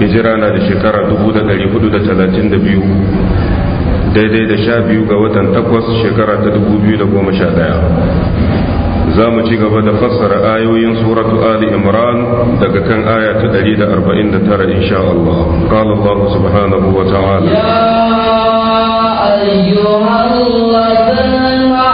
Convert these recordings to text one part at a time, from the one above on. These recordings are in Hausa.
hijira na da shekara 432 daidai da sha biyu ga watan takwas shekara ta 2011 za mu ci gaba da fassara ayoyin suratu ali imran daga kan aya ta 149 insha Allah qala Allah subhanahu wa ta'ala ya ayyuhal ladina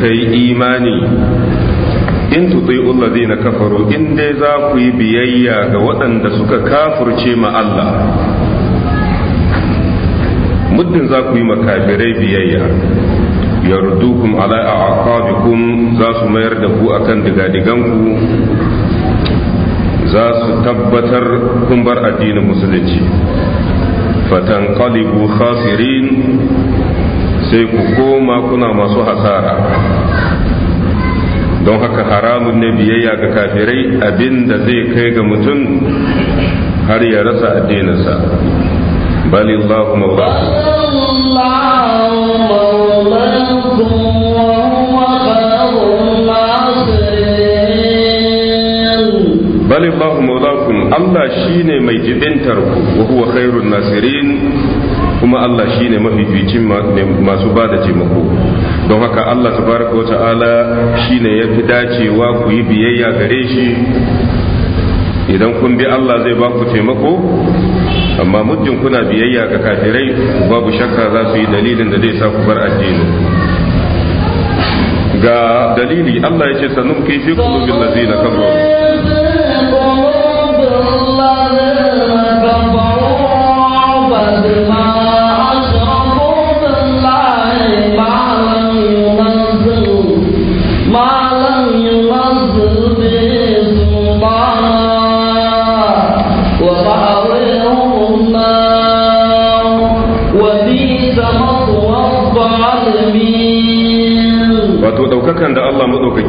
ka yi imani in zai na kafaru in dai za ku yi biyayya ga waɗanda suka kafurce ma Allah muddin za ku yi makafirai biyayya yardukum ala aqabikum za su mayar da ku akan digadiganku za su tabbatar kun bar addinin musulunci fatan qalibu khasirin sai ku koma kuna masu hasara don haka haramun ne biyayya ga kafirai abinda zai kai ga mutum har ya rasa addininsa bali Allahu bali Allahu Allah shine mai jibintar ku wa huwa khairun nasirin kuma Allah shi mafi mafificin masu ba da taimako don haka Allah ta baraka wa ta'ala shine ya fi dacewa ku yi biyayya gare shi idan kun bi Allah zai ba ku taimako amma muddin kuna biyayya ga kafirai babu shakka za su yi dalilin da zai sa ku bar addini ga dalili Allah ya ce kai fi bi lazina kafaru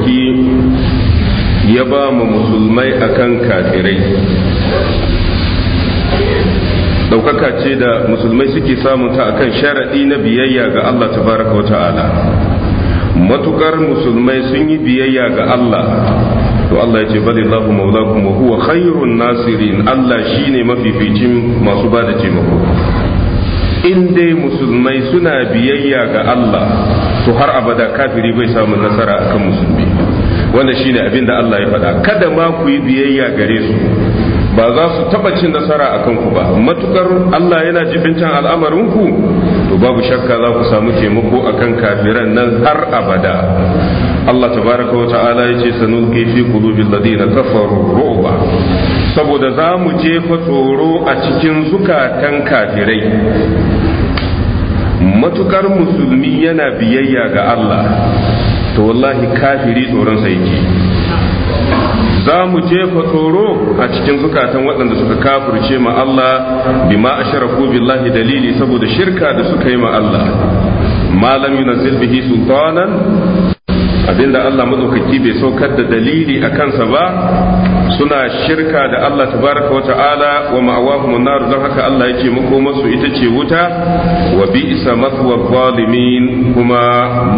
maɗaukaki ya ba mu musulmai akan kafirai ɗaukaka ce da musulmai suke samunta akan sharaɗi na biyayya ga Allah tabaraka wa ta'ala matukar musulmai sun yi biyayya ga Allah to Allah ya ce bali Allahu maulakum wa huwa khairun nasirin Allah shine mafificin masu ba da taimako in dai musulmai suna biyayya ga Allah to har abada kafiri bai samu nasara akan musulmi wanda ne abin da Allah ya faɗa kada ma ku yi biyayya gare su ba za su taɓa cin nasara a kanku ba matukar Allah yana can al'amarinku to babu shakka za ku samu taimako a kan kafiran nan har abada Allah tabaraka wa ta'ala yace sanulqi fi qulubil ladina kafaru ru'ba saboda za mu jefa tsoro a cikin zukatan kafirai matukar musulmi yana biyayya ga Allah to wallahi kafiri tsoron sa yake za mu jefa tsoro a cikin zukatan waɗanda suka kafirce ma Allah a sharafu billahi dalili saboda shirka da suka yi ma Allah malam yunzil bihi sultanan abinda Allah mazaukaki bai saukar da dalili a kansa ba suna shirka da Allah tabaraka wa ta'ala wa ma'awahu nar don haka Allah yake mako masu ita ce wuta wa bi bi'sa mathwa zalimin kuma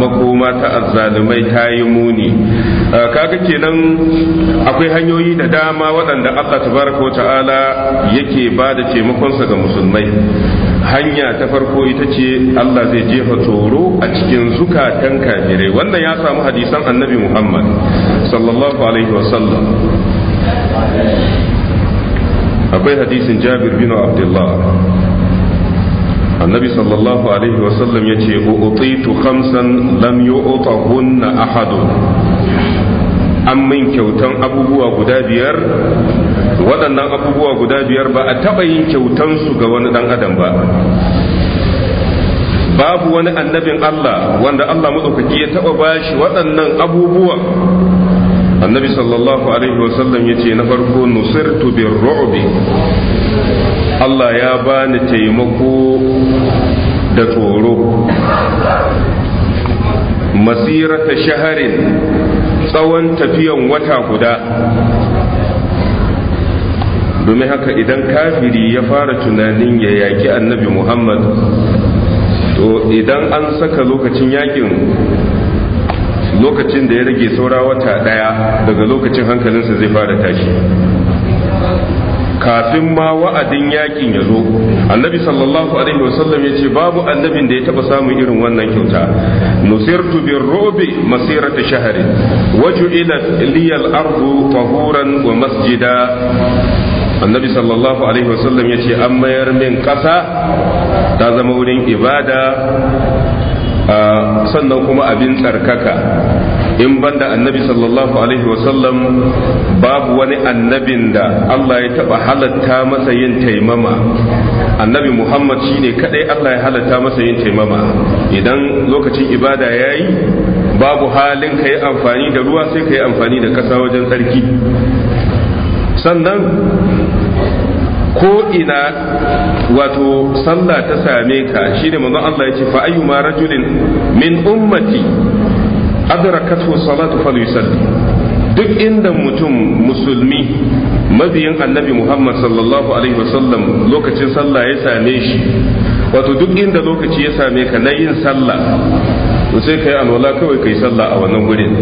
makoma ta azzalimai ta yi muni ah, kaga kenan akwai hanyoyi da dama waɗanda Allah tabaraka wa ta'ala yake ba da taimakonsa ga musulmai hanya ta farko ita ce Allah zai jefa tsoro a cikin zukatan kafirai wannan ya samu hadisan annabi Muhammad sallallahu alaihi wasallam akwai hadisin Jabir bin Abdullah annabi sallallahu alaihi wasallam ya ce utitu khamsan lam yu'tahunna ahadun an min kyautan abubuwa guda biyar waɗannan abubuwa guda biyar ba a taɓa yin kyautansu ga wani ɗan adam ba babu wani annabin Allah wanda Allah maɗaukaki ya taɓa bashi waɗannan abubuwan annabi sallallahu alaihi wasallam ya ce na farko nusirtu bin ru'bi Allah ya bani taimako da tsoro masirata shaharin tsawon tafiyan wata guda domin haka idan kafiri ya fara tunanin ya yaki annabi muhammad to idan an saka lokacin yakin lokacin da ya rage saura wata daya daga lokacin hankalinsa zai fara tashi kafin ma wa'adin yakin ya zo annabi sallallahu alaihi wasallam ya ce babu annabin da ya taba samun irin wannan kyauta nusirtu bin robe masirata shahari waju ila liyal ardu tahuran wa masjida annabi sallallahu alaihi wasallam ya ce an mayar min ƙasa ta zama wurin ibada sannan kuma abin tsarkaka in banda annabi sallallahu alaihi wasallam babu wani annabin da Allah ya taba halatta masa yin taimama annabi Muhammad shine kadai Allah ya halatta masa yin taimama idan lokacin ibada yayi babu halin ka yi amfani da ruwa sai ka yi amfani da ƙasa wajen tsarki sannan ko ina wato sallah ta same ka shine manzo Allah ya ce fa ayyuma rajulin min ummati adrakathu salatu falyusalli duk inda mutum musulmi mabiyin annabi Muhammad sallallahu alaihi wasallam lokacin sallah ya same shi wato duk inda lokaci ya same ka na yin sallah sai kai alwala kawai kai sallah a wannan gurin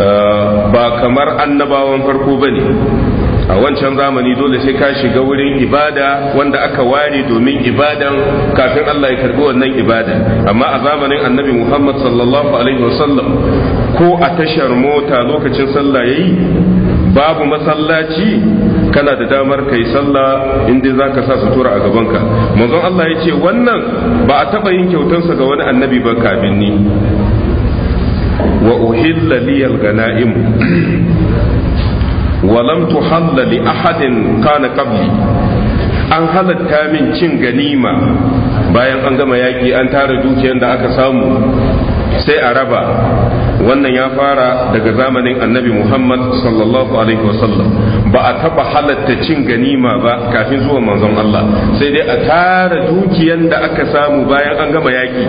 ah, ba kamar annabawan farko bane a wancan zamani dole sai ka shiga wurin ibada wanda aka ware domin ibadan kafin Allah ya karbi wannan ibada amma a zamanin annabi Muhammad sallallahu alaihi wasallam ko a tashar mota lokacin sallah yayi babu masallaci kana da damar kai sallah in za zaka sa sutura a gabanka manzon Allah ya ce wannan ba a taba yin kyautansa ga wani annabi ba kafin ni wa uhilla liyal ganaim walam tuhalla li ahadin kana qabli an halatta min cin ganima bayan an gama yaƙi an tara dukiyar da aka samu sai a raba wannan ya fara daga zamanin annabi muhammad sallallahu alaihi wasallam ba a taba halatta cin ganima ba kafin zuwa manzon Allah sai dai a tara dukiyan da aka samu bayan an gama yaki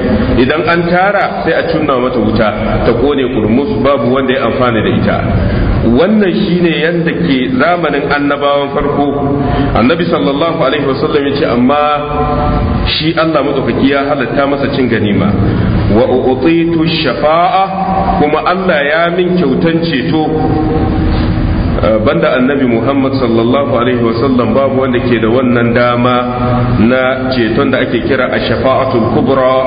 idan an tara sai a cunna mata wuta ta kone kurmus babu wanda ya amfani da ita wannan shine yadda ke zamanin annabawan farko annabi sallallahu alaihi wasallam ya ce amma shi Allah matsakaki ya halatta masa cin ganima wa utitu shafa'a kuma Allah ya min kyautan ceto Eh, banda annabi Muhammad sallallahu alaihi wasallam babu wanda ke da wannan dama na ceton da ake kira a shafa'atul kubra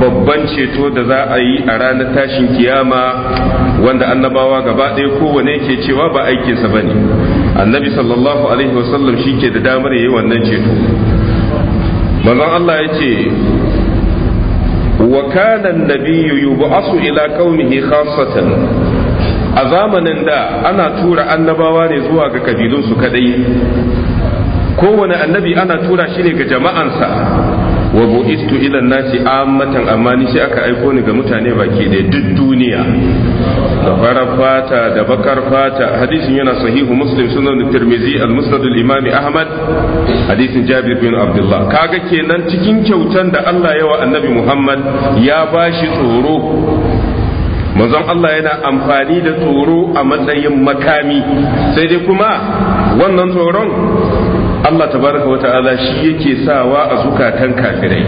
babban ceto da za a yi a ranar tashin kiyama wanda annabawa gaba ɗaya kowane ke cewa ba aikinsa ba ne annabi sallallahu alaihi wasallam shi ke da damar yi wannan ceto manzon Allah ya ce wa kana annabiyyu yub'asu ila qaumihi khassatan a zamanin da ana tura annabawa ne zuwa ga kabilunsu kadai kowane annabi ana tura shi ne ga jama'ansa wa bu'istu ila nasi ammatan amma ni shi aka aiko ni ga mutane baki da duk duniya da farar fata da bakar fata hadisin yana sahihu muslim sunan tirmizi al-musnad al-imam ahmad hadisin jabir bin abdullah kaga kenan cikin kyautan da Allah ya wa annabi muhammad ya bashi tsoro manzon Allah yana amfani da tsoro a matsayin makami sai dai kuma wannan tsoron Allah tabaraka wa ta'ala shi yake sawa a zukatan kafirai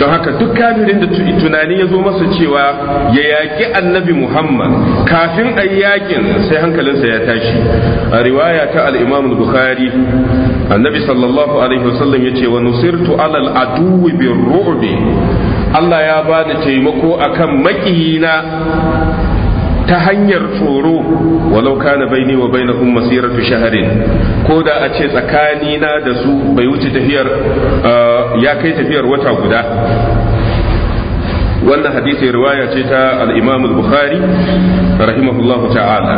don haka duk kafirin da tunani ya zo masa cewa ya yaƙi annabi muhammad kafin a yaƙin sai hankalinsa ya tashi a riwaya ta al'imam bukhari annabi sallallahu alaihi wasallam ya ce wa nusirtu alal aduwi bin ru'bi Allah ya ba da taimako akan makiyina ta hanyar tsoro walau kana baini wa bainahum masiratu shaharin ko da a ce tsakanina da su bai wuce tafiyar uh, ya kai tafiyar wata guda wannan hadisi riwaya ce ta al bukhari rahimahullahu ta'ala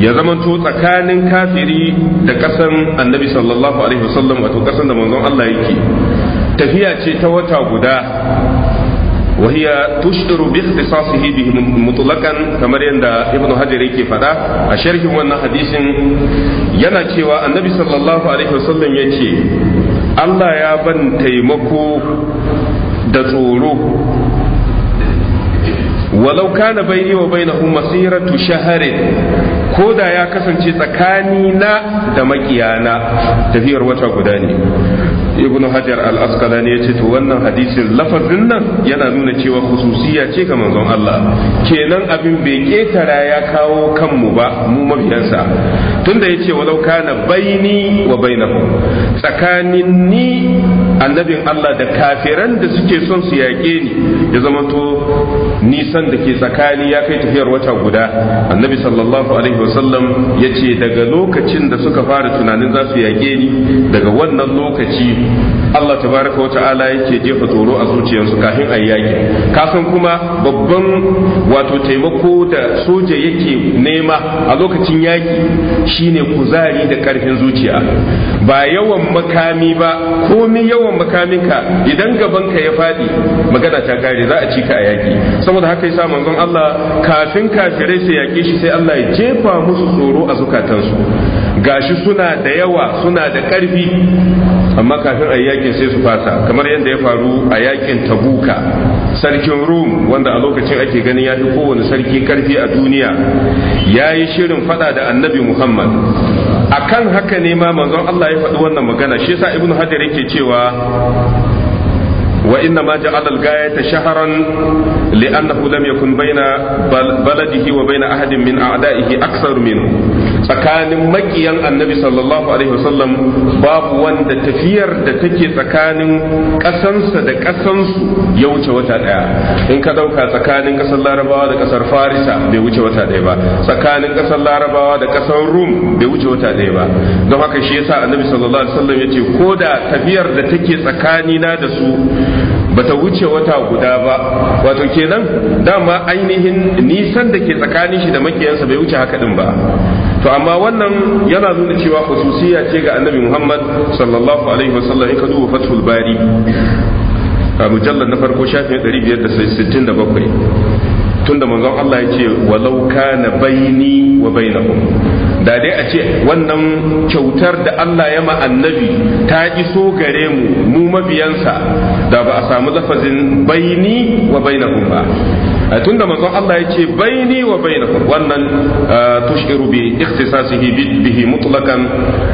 ya zamanto tsakanin kafiri da kasan annabi sallallahu alaihi wasallam wato kasan da manzon Allah yake tafiya ce ta wata guda وهي تشعر باختصاصه به مطلقا كما عند ابن حجر يكي فدا اشرح wannan hadisin yana cewa annabi sallallahu alaihi wasallam yace Allah ya ban taimako da tsoro walau kana baini wa bainahu masiratu shaharin ko da ya kasance tsakani na da makiyana tafiyar wata guda ne ibnu hajar al-asqalani yace to wannan hadisin lafazin nan yana nuna cewa kususiya ce ga manzon Allah kenan abin bai ketara ya kawo kanmu ba mu mabiyansa tunda yace walau kana baini wa bainahu tsakanin ni annabin Allah da kafiran da suke son su yaƙe ni ya zama to nisan da ke tsakani ya kai tafiyar wata guda annabi sallallahu alaihi wasallam ya ce daga lokacin da suka fara tunanin za su yaƙe ni daga wannan lokaci Allah Ta tabaraka ala yake jefa tsoro a zuciyarsu kafin a yaƙi kasan kuma babban wato taimako da soja yake nema a lokacin yaƙi shine kuzari da ƙarfin zuciya ba yawan makami ba komi yawan makaminka idan gabanka ya faɗi magana ta kare za a ci ka a yaƙi saboda haka yasa manzon Allah kafin kafirai su yaƙe shi sai Allah ya jefa musu tsoro a zukatansu gashi suna da yawa suna da ƙarfi amma kafin a yakin sai su fasa kamar yadda ya faru a yakin tabuka sarkin rum wanda a lokacin ake ganin ya fi kowane sarki ƙarfi a duniya ya yi shirin fada da annabi muhammad akan haka ne ma manzon Allah ya faɗi wannan magana shi yasa ibnu hajar yake cewa وإنما جعل الغاية شهرا لأنه لم يكن بين بلده وبين أحد من أعدائه أكثر منه tsakanin makiyan annabi sallallahu alaihi wasallam babu wanda tafiyar da take tsakanin ƙasansa da ƙasansu ya wuce wata ɗaya in ka ɗauka tsakanin ƙasar larabawa da ƙasar farisa bai wuce wata ɗaya ba tsakanin ƙasar larabawa da ƙasar rum bai wuce wata ɗaya ba don haka shi yasa annabi sallallahu alaihi wasallam ya ce ko da tafiyar da take na da su bata wuce wata guda ba wato kenan dama ainihin nisan da ke tsakanin shi da makiyansa bai wuce haka din ba to amma wannan yana nuna cewa khususiyya ce ga annabi Muhammad sallallahu alaihi wasallam in ka duba fathul bari a mujallar na farko shafin 567 tunda manzon Allah ya ce walau kana baini wa bainahum da dai a ce wannan kyautar da Allah ya ma annabi ta iso gare mu mu mabiyansa da ba a samu lafazin baini wa bainahum ba tunda manzon Allah ya ce baini wa bainakum wannan tushiru bi ikhtisasihi bihi mutlaqan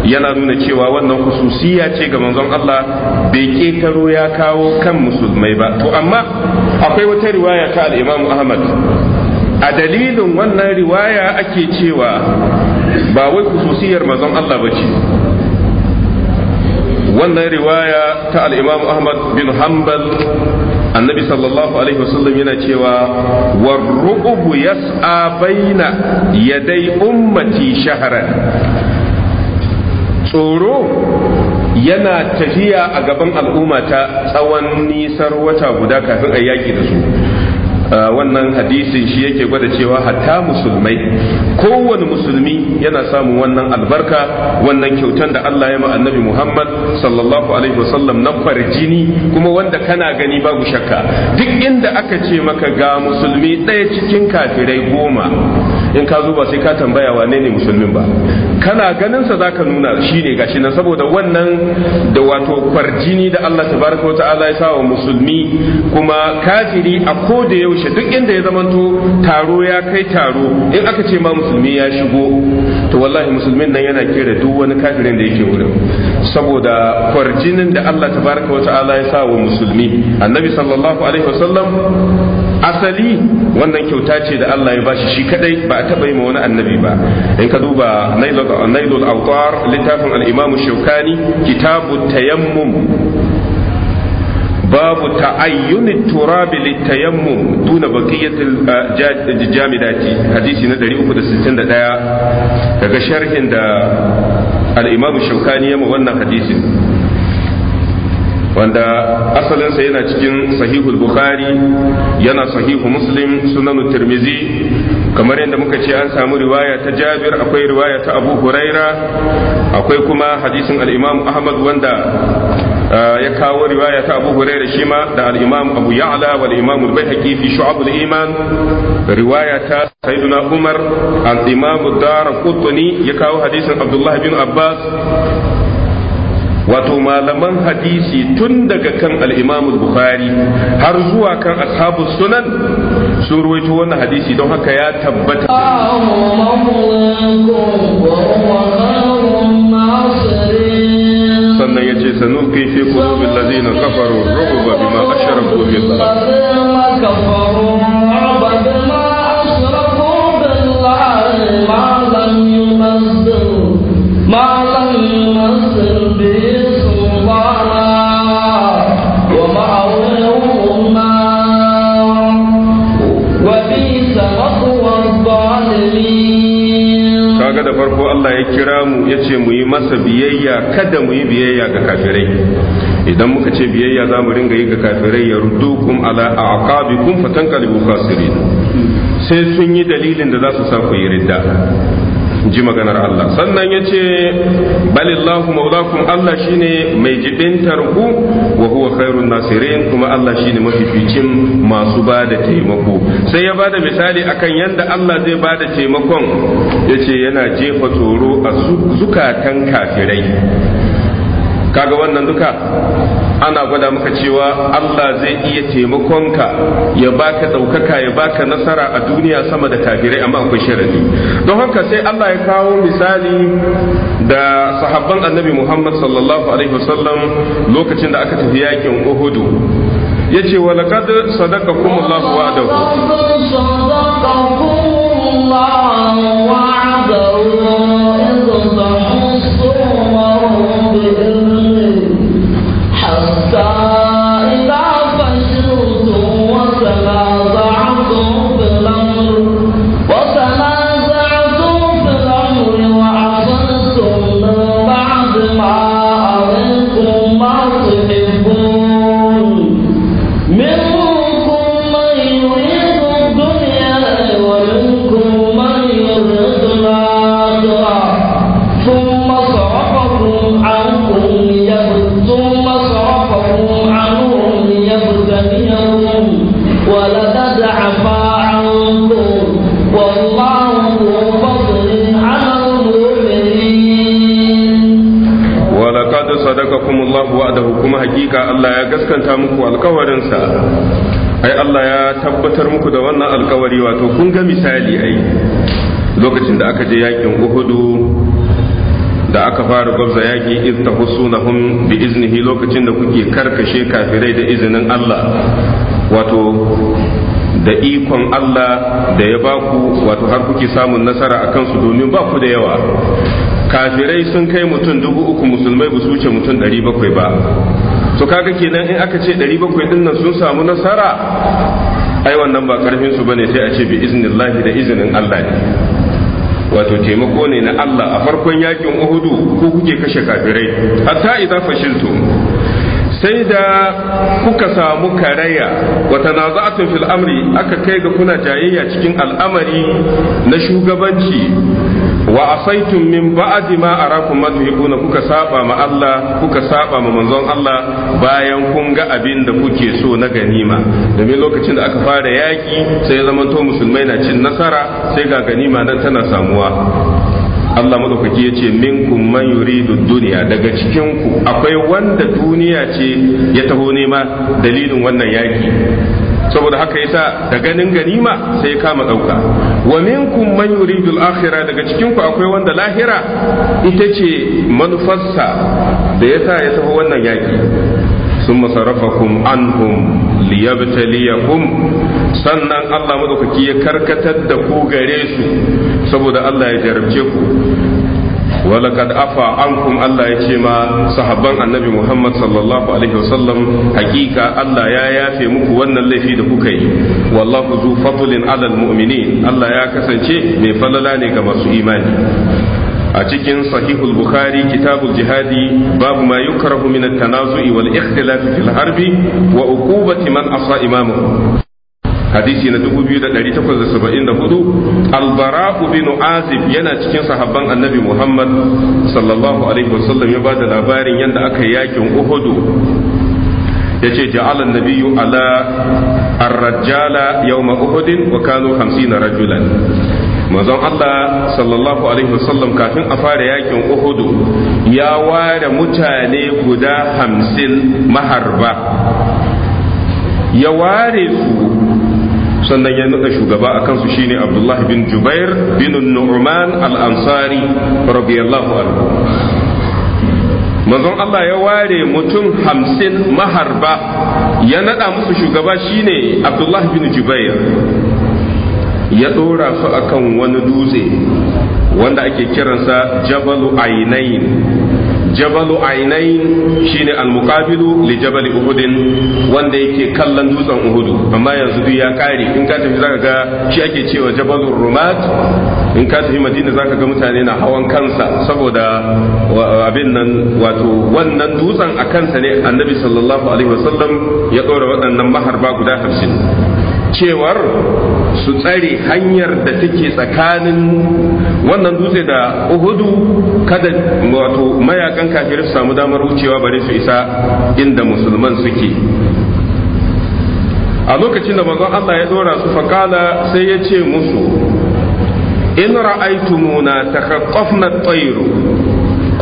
yana nuna cewa wannan hususiya ce ga manzon Allah bai ketaro ya kawo kan musulmai ba to amma akwai wata riwaya ta al-Imam Ahmad a dalilin wannan riwaya ake cewa ba wai kususiyar mazan Allah ba ce wannan riwaya ta al'imam Ahmad bin Hanbal annabi sallallahu alaihi wasallam yana cewa warru'ubu yas'a ya yadai ummati shaharar tsoro yana tafiya a gaban al'umma ta tsawon nisar wata guda kafin a yaƙi da su Ah, wannan hadisin shi yake gwada cewa hatta musulmai kowane musulmi yana samun wannan albarka wannan kyautan da Allah ya ma annabi Muhammad sallallahu alaihi wasallam na farjini kuma wanda kana gani babu shakka duk inda aka ce maka ga musulmi ɗaya cikin kafirai goma in ka zo ba sai ka tambaya wane ne musulmin ba kana ganin sa zaka nuna shi shine gashi nan saboda wannan da wato farjini da Allah tabaraka wa ta'ala ya sa wa musulmi kuma kafiri a koda yau yaushe duk inda ya zamanto taro ya kai taro in aka ce ma musulmi ya shigo to wallahi musulmin nan yana kera duk wani kafirin da yake wurin saboda kwarjinin da Allah tabaraka wa ta'ala ya sa wa musulmi annabi sallallahu alaihi wasallam asali wannan kyauta ce da Allah ya bashi shi kadai ba a taba yi ma wani annabi ba in ka duba nailul awqar littafin al-imam kitabu tayammum babu ta'ayyun turab litayammum duna baqiyatil jamidati hadisi na 361 daga sharhin da al-imam shaukani ya wannan hadisin wanda asalinsa yana cikin sahihul bukhari yana sahihu muslim sunan tirmizi kamar yadda muka ce an samu riwaya ta jabir akwai riwaya ta abu huraira akwai kuma hadisin al-imam ahmad wanda ya kawo riwaya ta Abu Hurairah shi ma da al-Imam Abu Ya'la wal Imam al-Baihaqi fi Shu'ab al-Iman riwaya ta Umar al-Imam ad-Darqutni ya kawo hadisin Abdullah bin Abbas wato malaman hadisi tun daga kan al'imamul bukhari har zuwa kan ashabu sunan sun ruwaito wannan hadisi don haka ya tabbata سنلقي في قلوب الذين كفروا الرعب بما أشركوا بالله Allah ya kira mu ya ce mu yi masa biyayya kada mu yi biyayya ga kafirai idan muka ce biyayya za mu ringa yi ga kafirai ya rudukum ala aqabikum fatanqalibu khasirin sai sun yi dalilin da za su sa ku yi ridda ji maganar Allah sannan ya ce balillahu maulakum Allah shine mai jibintar ku wa huwa khairun nasirin kuma Allah shine mafificin masu ba da taimako sai ya bada misali akan yadda Allah zai ba da taimakon ya ce yana jefa tsoro a zukatan kafirai kaga wannan duka ana gwada maka cewa Allah zai iya taimakonka ya baka ɗaukaka ya baka nasara a duniya sama da kafirai amma akwai sharadi don haka sai Allah ya kawo misali da sahabban annabi Muhammad sallallahu alaihi wasallam lokacin da aka tafi yakin Uhudu yace wa laqad sadaqakum Allahu wa'adahu wa'adahu hakika Allah ya gaskanta muku alkawarinsa ai Allah ya tabbatar muku da wannan alkawari wato kun ga misali ai lokacin da aka je yakin uhudu da aka fara gwabza yaki iz tahsunahum bi iznihi lokacin da kuke karkashe kafirai da izinin Allah wato da ikon Allah da ya baku wato har kuke samun nasara a kansu domin ba ku da yawa kafirai sun kai mutum dubu uku musulmai ba su wuce mutum ɗari bakwai ba to kaga kenan in aka ce 700 din nan sun samu nasara ai wannan ba karfin su bane sai a ce bi iznillahi da izinin Allah ne wato taimako ne na Allah a farkon yakin Uhudu ko kuke kashe kafirai hatta idan fashiltu sai da kuka samu karaya wata naza'atun fil amri aka kai ga kuna jayayya cikin al'amari na shugabanci wa asaitum min ba'di ma arakum madhibuna kuka saba ma Allah kuka saba ma manzon Allah bayan kun ga abin da kuke so na ganima domin lokacin da aka fara yaki sai zamanto musulmai na cin nasara sai ga ganima nan tana samuwa Allah madaukaki ya ce minkum man yuridu duniya daga cikin ku akwai wanda duniya ce ya taho nema dalilin wannan yaki saboda haka yasa da ganin ganima sai kama dauka wa minkum man yuridu al-akhirah daga cikin ku akwai wanda lahira ita ce manufarsa da yasa ya tafi wannan yaki sun masarafakum anhum liyabtaliyakum sannan Allah madaukaki ya karkatar da ku gare su saboda Allah ya jarabce ku walaqad afa ankum Allah ya ce ma sahabban annabi Muhammad sallallahu hakika Allah ya yafe muku wannan laifi da kuka yi wallahu zu fadlin alal mu'minin Allah ya kasance mai falala ne ga masu imani a cikin sahihul bukhari kitabul jihadi babu ma yukrahu min at-tanazu'i wal ikhtilaf fil harbi wa uqubati man asa imamu hadisi na 2874 albara'u bin azib yana cikin sahabban annabi muhammad sallallahu alaihi wasallam ya bada labarin yadda aka yakin uhudu ya ce ja'ala nabiyyu ala ar-rajjala yawma uhudin wa kanu 50 rajulan manzon Allah sallallahu alaihi wasallam kafin a fara yakin Uhudu ya ware mutane guda hamsin maharba ya ware su sannan ya nada shugaba a kansu shine abdullahi bin jubair bin nu'man al-ansari radiyallahu anhu manzon Allah ya ware mutum hamsin maharba ya nada musu shugaba shine abdullahi bin jubair ya ɗora su akan wani dutse wanda ake kiransa jabalu ainain jabalu ainain shine almukabilu li jabali uhudin wanda yake kallon dutsen uhudu amma yanzu duk ya kare in ka tafi zaka ga shi ake cewa jabalu rumat in ka tafi madina zaka ga mutane na hawan kansa saboda abin nan wato wannan dutsen a kansa ne annabi sallallahu alaihi wasallam ya ɗora waɗannan maharba guda hamsin cewar su tsare hanyar da take tsakanin wannan dutse da uhudu kada wato mayakan kafir su samu damar wucewa bare su isa inda musulman suke a lokacin da manzon Allah ya dora su faƙala sai ya ce musu in ra'aytumuna takhaffafna at-tayru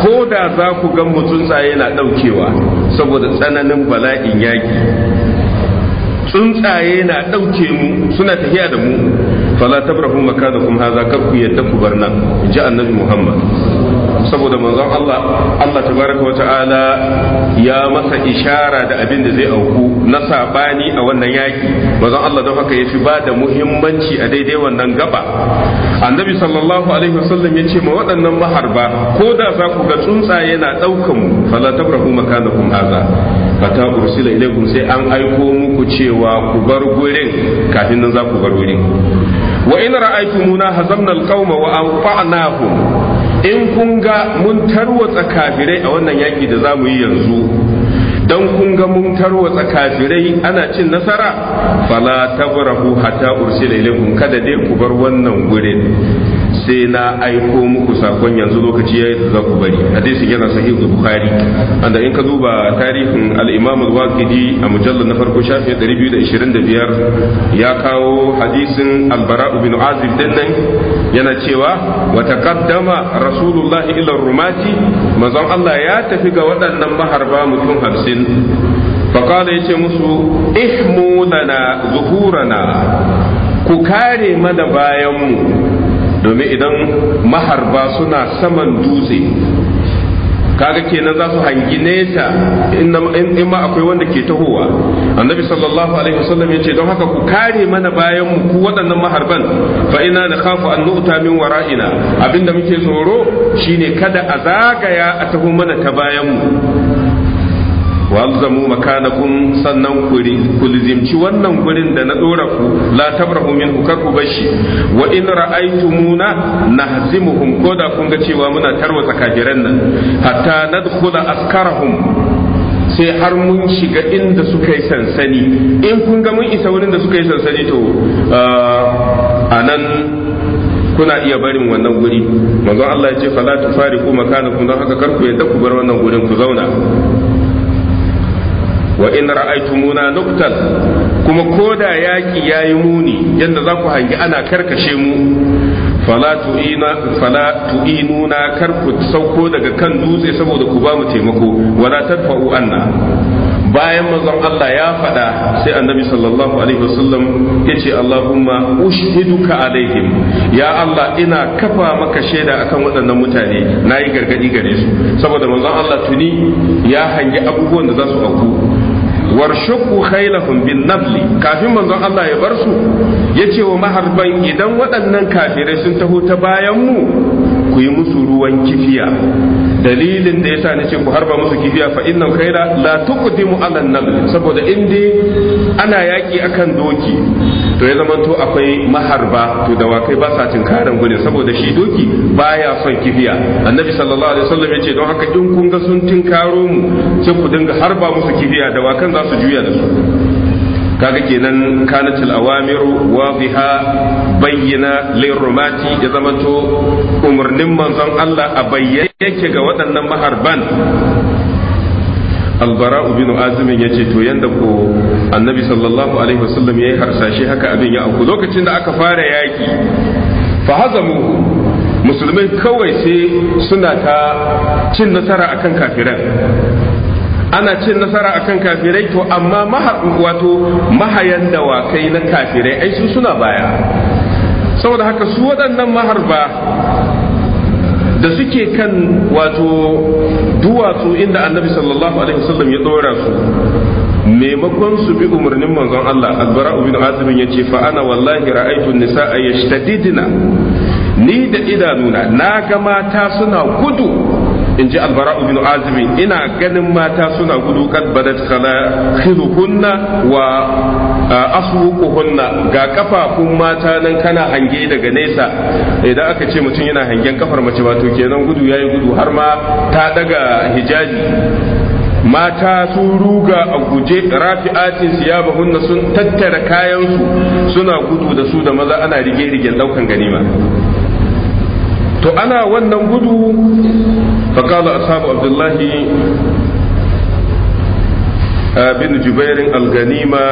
ko da za ku ga mutun tsaye na daukewa saboda tsananin bala'in yaki tsuntsaye na ɗauke mu suna tafiya da mu fala tabrahu makanakum haza ku yadda ku bar nan ji annabi muhammad saboda manzon Allah Allah tabaraka wata'ala ya masa ishara da abin da zai auku na sabani a wannan yaki manzon Allah don haka yafi ba da muhimmanci a daidai wannan gaba annabi sallallahu alaihi wasallam ya ce ma waɗannan maharba ko da za ku ga tsuntsaye na ɗaukan mu fala tabrahu makanakum haza fata ursila ilaikum sai an aiko muku cewa ku bar gurin kafin nan za ku bar gurin wa in ra'aytumuna hazamna alqauma wa anfa'nahum in kun ga mun tarwatsa kafirai a wannan yaki da zamu yi yanzu dan kun ga mun tarwatsa kafirai ana cin nasara fala tabrahu hatta ursila ilaikum kada dai ku bar wannan gurin sai na aiko muku sakon yanzu lokaci ya yi za ku bari hadisin yana sahih da bukhari anda in ka duba tarihin al-imam al-waqidi a mujallar na farko shafi 225 ya kawo hadisin al-bara ibn azib dinnan yana cewa wa taqaddama rasulullahi ila rumati manzon Allah ya tafi ga waɗannan maharba mutum 50 faqala yace musu ihmu lana zuhurana ku kare mana bayanmu domin idan maharba suna saman dutse kaga kenan za su hangi nesa in ma akwai wanda ke tahowa annabi sallallahu alaihi wasallam ya ce don haka ku kare mana bayan mu ku waɗannan maharban fa ina na khafu an nu'ta min wara'ina abinda muke tsoro shine kada a zagaya a taho mana ta bayan mu walzamu makanakum sannan ku lizimci wannan gurin da na dora ku la tabrahu min kar bashi wa in ra'aytumuna nahzimuhum ko kun ga cewa muna tarwatsa kafiran nan hatta nadkhula askarahum sai har mun shiga inda suka yi sansani in kun ga mun isa wurin da suka yi sansani to ah, anan kuna iya barin wannan guri manzon Allah ya ce fala tufariqu makanakum don haka karku ku yadda ku bar wannan gurin ku zauna wa in ra'aytumuna nuktal kuma koda yaki yayi muni yanda za ku hangi ana karkashe mu fala fala tu'inuna kar ku sauko daga kan dutse saboda ku ba mu taimako wala tarfa'u anna bayan manzon Allah ya faɗa sai annabi sallallahu alaihi wasallam ya ce Allahumma ushhiduka alaihim ya Allah ina kafa maka shaida akan waɗannan mutane nayi gargadi gare su saboda manzon Allah tuni ya hangi abubuwan da za su auku warshuku khailahum bin nabli kafin manzon Allah ya bar su yace wa maharban idan waɗannan kafirai sun taho ta bayan mu ku yi musu ruwan kifiya dalilin da yasa nace ku harba musu kifiya fa innal khaira la tuqdimu ala an saboda indi ana yaki akan doki to ya zama akwai maharba to da dawakai ba sa cin karan gudun saboda shi doki baya son kifiya annabi sallallahu alaihi wasallam ya ce don haka in kun ga sun tinkaro mu sai ku dinga harba musu kifiya da wa kan za su juya da su kaga kenan kanatul awamiru wadiha bayyana lirumati ya zama to umarnin manzon Allah a bayyane yake ga waɗannan maharban albara bin azumin ya ce to yanda ko annabi sallallahu alaihi wasallam ya harsashe haka abin ya auku lokacin da aka fara yaki fa hazamu musulmai kawai sai suna ta cin nasara akan kafiran ana cin nasara akan kafirai to amma wato mahayan dawakai na kafirai ai su suna baya saboda haka su waɗannan maharba da suke kan wato duwatsu inda annabi sallallahu alaihi wasallam ya dora su maimakon su bi umarnin manzon Allah albara bin azibin ya ce fa ana wallahi ra'aitu nisa'a yashtadidna ni da idanuna na ga mata suna gudu in ji albara ibn azumi ina ganin mata suna gudu kad badat hunna wa hunna ga kafafun mata nan kana hange daga nesa idan aka ce mutum yana hangen kafar mace wato kenan gudu yayi gudu har ma ta daga hijabi mata sun ruga a guje rafi'atin siyabahunna sun tattara kayansu suna gudu da su da maza ana rige-rigen daukan ganima to ana wannan gudu فقال أصحاب عبد الله bin جبير alganima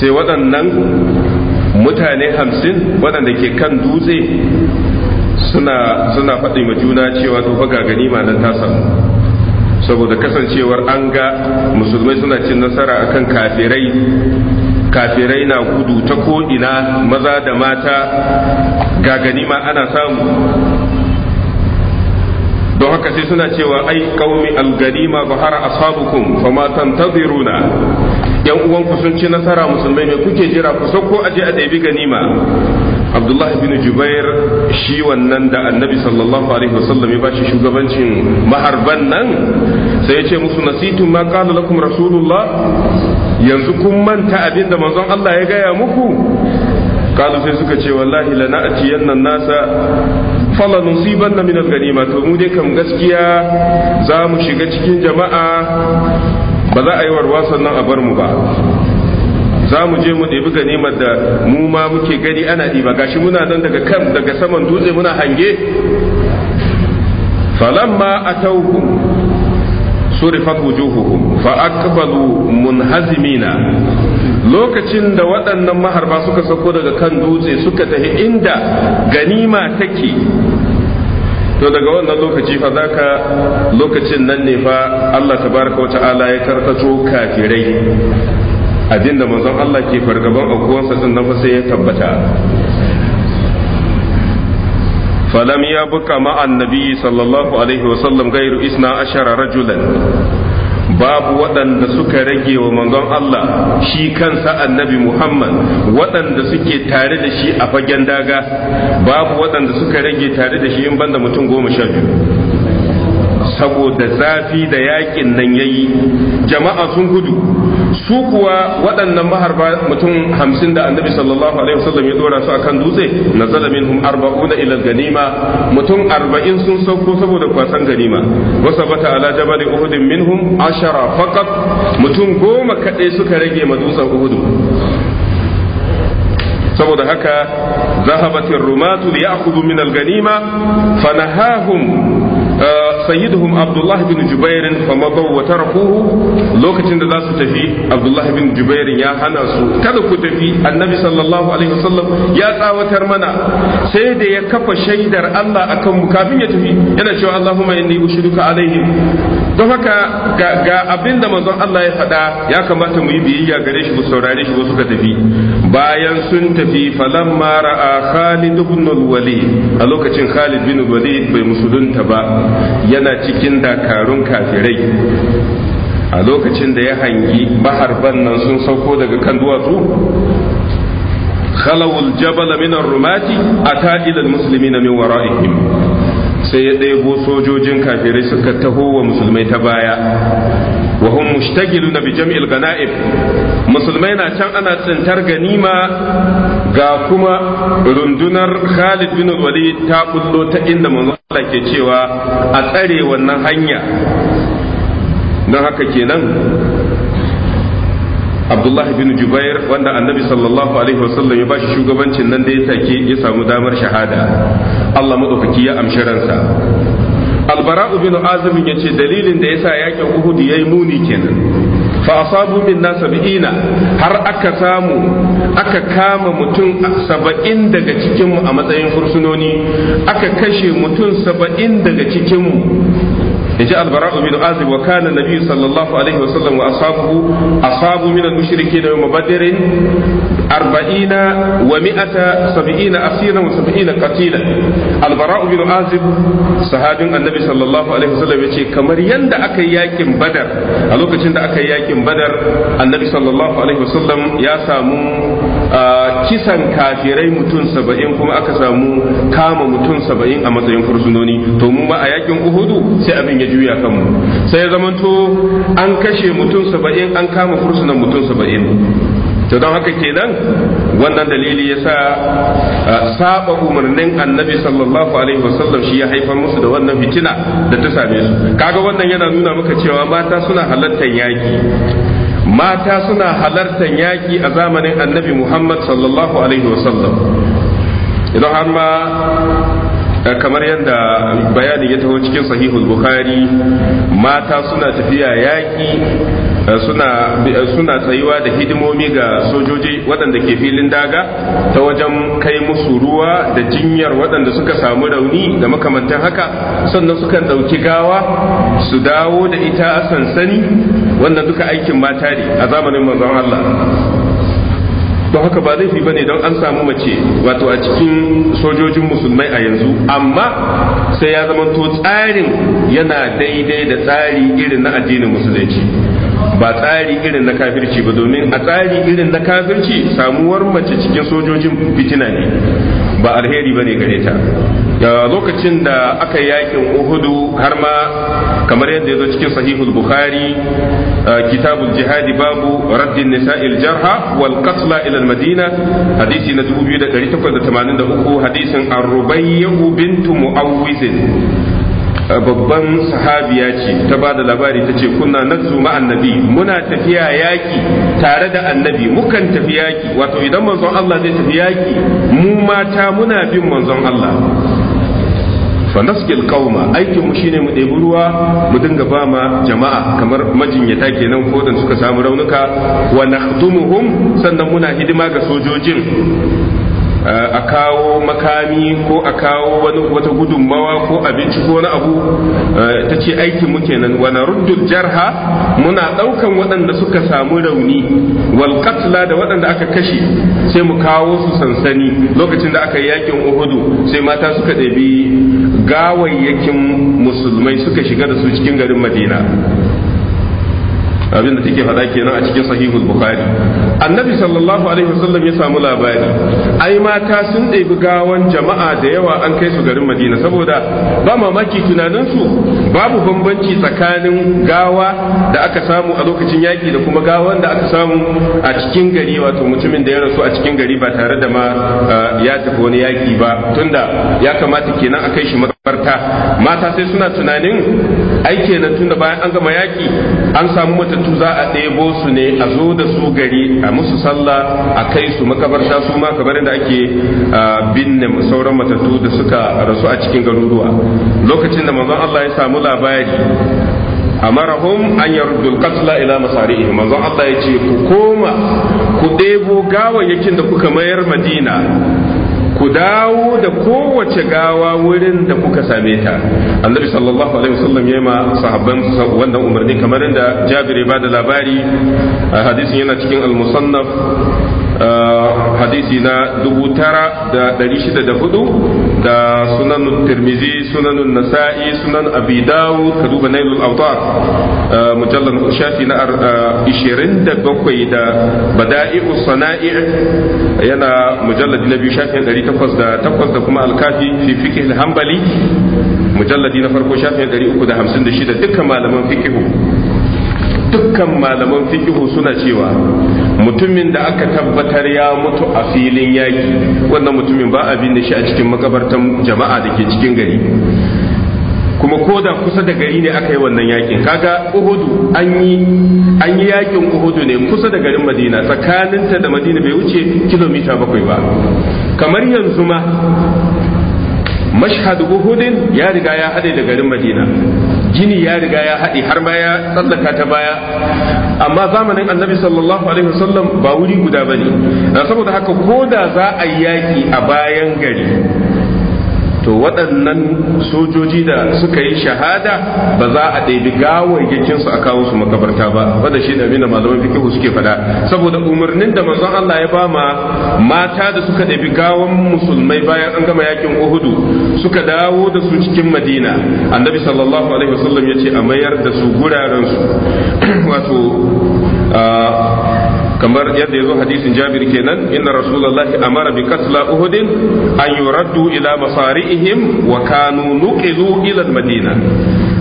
sai waɗannan mutane hamsin waɗanda ke kan dutse suna faɗi ma juna cewa to ga ma nan ta samu saboda kasancewar an ga musulmai suna cin nasara akan kafirai kafirai na gudu ta ko'ina maza da mata ga ganima ana samu don haka sai suna cewa ai kaumi al-ganima bahara ashabukum fama tantaziruna yan uwanku sun ci nasara musulmai me kuke jira ku sauko aje a ɗabi ganima abdullahi bin jubair shi wannan da annabi sallallahu alaihi wasallam ya bashi shugabancin maharban nan sai ya ce musu nasitu ma qala lakum rasulullah yanzu kun manta abin da manzon Allah ya gaya muku kalu sai suka ce wallahi lana'tiyanna nasa fala nusiban na minar ganima to mu dai kam gaskiya za mu shiga cikin jama'a ba za a yi warwa sannan a bar mu ba za mu je mu ɗebi ganimar da mu ma muke gani ana ɗiba gashi muna nan daga kan daga saman dutse muna hange falamma atauhum surifat wujuhuhum fa aqbalu munhazimina lokacin da waɗannan maharba suka sako daga kan dutse suka tafi inda ganima take to daga wannan lokaci fa zaka lokacin nan ne fa Allah tabaraka wata'ala ya karkato kafirai abinda manzon Allah ke fargaban akuwansa din nan fa sai ya tabbata falam ya مع النبي صلى الله عليه وسلم غير إثنى عشر رجلا babu waɗanda suka rage wa manzon Allah shi kansa annabi Muhammad waɗanda suke tare da shi a fagen daga babu waɗanda suka rage tare da shi in banda mutum goma sha biyu saboda zafi da yakin nan yayi jama'a sun gudu su kuwa waɗannan maharba mutum hamsin da annabi sallallahu alaihi wasallam ya dora su akan dutse na minhum da ilal ganima mutum arba'in sun sauko saboda kwasan ganima wasa bata ala jabal uhud minhum ashara faqat mutum goma kaɗai suka rage ma dutsen hudu saboda haka zahabatin rumatu da ya min al-ganima fanahahum sayyiduhum abdullah bin jubairin fa lokacin da za su tafi abdullahi bin jubair ya hana su kada ku tafi annabi sallallahu alaihi wasallam ya tsawatar mana sai da ya kafa shaidar Allah akan mu kafin ya tafi yana cewa allahumma inni ushiduka alaihi don haka ga abinda manzon Allah ya faɗa ya kamata mu yi biyayya gare shi mu saurare shi ba suka tafi bayan sun tafi falamma ra'a Khalid ibn walid a lokacin Khalid bin Walid bai musulunta ba yana cikin dakarun kafirai a lokacin da ya hangi bahar bannan sun sauko daga kan duwatsu khalawul jabal min ar-rumati ata ila al-muslimina min wara'ihim sai ya ɗebo sojojin kafirai suka taho wa musulmai ta baya wa hum bi jam'il ganaib musulmai na can ana tsintar ganima ga kuma rundunar Khalid bin Walid ta kullo ta inda manzo ke cewa a tsare wannan hanya don haka kenan abdullahi bin jubair wanda annabi sallallahu alaihi wasallam ya bashi shugabancin nan da ya take ya samu damar shahada Allah madaukaki ya amshi ransa albara'u bin Azumin ya ce dalilin da yasa yakin uhud yi muni kenan fa asabu min nasabina har aka samu aka kama mutum saba'in daga cikinmu a matsayin fursunoni aka kashe mutum saba'in daga cikinmu yaji albara'u bin azib wa kana nabi sallallahu alaihi wasallam wa asabu min al-mushrikeen yawm badr 40 wa 170 asiran wa 70 qatilan albara'u bin azib sahabin annabi sallallahu alaihi wasallam yace kamar yanda aka yi yakin badar a lokacin da aka yi yakin badar annabi sallallahu alaihi ya samu kisan kafirai mutum saba'in kuma aka samu kama mutum saba'in a matsayin fursunoni to mu ma a yakin uhudu sai abin ya juya kanmu sai ya zamanto an kashe mutum saba'in an kama fursunan mutum saba'in to don haka kenan wannan dalili ya sa saba umarnin annabi sallallahu alaihi wasallam shi ya haifar musu da wannan fitina da ta same su kaga wannan yana nuna maka cewa mata suna halartar yaki mata suna halartar yaƙi a zamanin annabi muhammad sallallahu alaihi wasallam idan har ma eh, kamar yadda bayani ya taho cikin sahihul bukhari mata suna tafiya yaƙi Eh, eh, suna tsayuwa da hidimomi ga sojoji waɗanda ke filin daga ta wajen kai musu ruwa da jinyar waɗanda suka samu rauni da makamantan haka sannan suka ɗauki gawa su dawo da ita a sansani wannan duka aikin mata ne a zamanin manzon Allah don haka ba zai ba bane don an samu mace wato a cikin sojojin musulmai a yanzu amma sai ya zama to tsarin yana daidai da tsari irin na addinin musulunci ba tsari irin na kafirci ba domin a tsari irin na kafirci samuwar mace cikin sojojin fitina ne ba alheri ba ne gare ta lokacin da aka yakin uhudu har ma kamar yadda ya zo cikin sahihul bukhari kitabul jihadi babu raddin nisa'il jarha wal qasla ila al madina hadisi na 2883 hadisin ar-rubayyu bintu mu'awwiz babban sahabiya ce ta ba da labari ta ce kunna nazu annabi muna tafiya yaki tare da annabi mukan tafi yaki wato idan manzon Allah zai tafi yaki mu mata muna bin manzon Allah fa naskil qauma aikin mu shine mu ɗebi ruwa mu dinga ba ma jama'a kamar majinyata kenan ko dan suka samu raunuka wa nakhdumuhum sannan muna hidima ga sojojin a kawo makami ko a kawo wani wata gudunmawa ko abinci ko wani abu ta ce aikin muke nan. wani ruddul jarha muna daukan waɗanda suka samu rauni wal da waɗanda aka kashe sai mu kawo su sansani lokacin da aka yi yakin uhudu sai mata suka ɗabi gawayyakin musulmai suka shiga da su cikin garin madina abin da take faɗa kenan a cikin sahihul bukhari annabi sallallahu alaihi wasallam ya samu labari ai mata sun ɗebi gawan jama'a da yawa an kai su garin madina saboda ba mamaki tunaninsu babu bambanci tsakanin gawa da aka samu a lokacin yaƙi da kuma gawan da aka samu a cikin gari wato mutumin da ya rasu a cikin gari ba tare da ma ah, ya tafi wani yaƙi ba tunda ya kamata kenan a kai shi makabarta mata sai suna tunanin ai kenan tunda bayan an gama yaƙi an samu matattu za a ɗebo su ne a zo da su gari musu sallah a kai su makabarta su ma kamar da ake binne sauran matattu da suka rasu a cikin garuruwa lokacin da manzon Allah ya samu labari amarahum an yardul qatla ila masarihi manzon Allah ya ce ku koma ku ɗebo gawayyakin da kuka mayar madina ku dawo da kowace gawa wurin da kuka same ta annabi sallallahu alaihi wasallam ya ma sahabban wannan umarni kamar da jabir ya bada labari hadisin yana cikin al-musannaf hadisi na dubu tara da ɗari shida da hudu da sunan tirmizi sunan nasa'i sunan abi ka duba nailul autar mujallar shafi na ishirin da bakwai da sana'i yana mujallar na biyu takwas da takwas da kuma alkafi fi fiqh al-hanbali mujalladi na farko shafin 356 dukkan malaman fiqh dukkan malaman fikihu suna cewa mutumin da aka tabbatar ya mutu a filin yaki wannan mutumin ba abin da shi a cikin makabartan jama'a da ke cikin gari kuma ko da kusa da gari ne aka yi wannan yakin kaga uhudu an yi yakin uhudu ne kusa da garin madina tsakaninta da madina bai wuce kilomita bakwai ba kamar yanzu ma mashhad uhudin ya riga ya haɗe da garin madina gini ya riga ya haɗe har ma tsallaka ta baya amma zamanin annabi sallallahu alaihi wasallam ba wuri guda bane saboda haka ko da za a yi yaki a bayan gari to waɗannan sojoji da suka yi shahada ba za a ɗebi gawayyakin su a kawo su makabarta ba wanda shi da abinda malaman fikihu suke faɗa saboda umarnin da manzon Allah ya ba ma mata da suka ɗebi gawan musulmai bayan an gama yakin Uhudu suka dawo da su cikin Madina annabi sallallahu alaihi wasallam ya ce a mayar da su guraren su wato ah, kamar yadda ya zo hadisin jabir kenan inna rasulullahi amara bi katla uhudin an yuraddu ila masari'ihim wa kanu nuqilu ila madina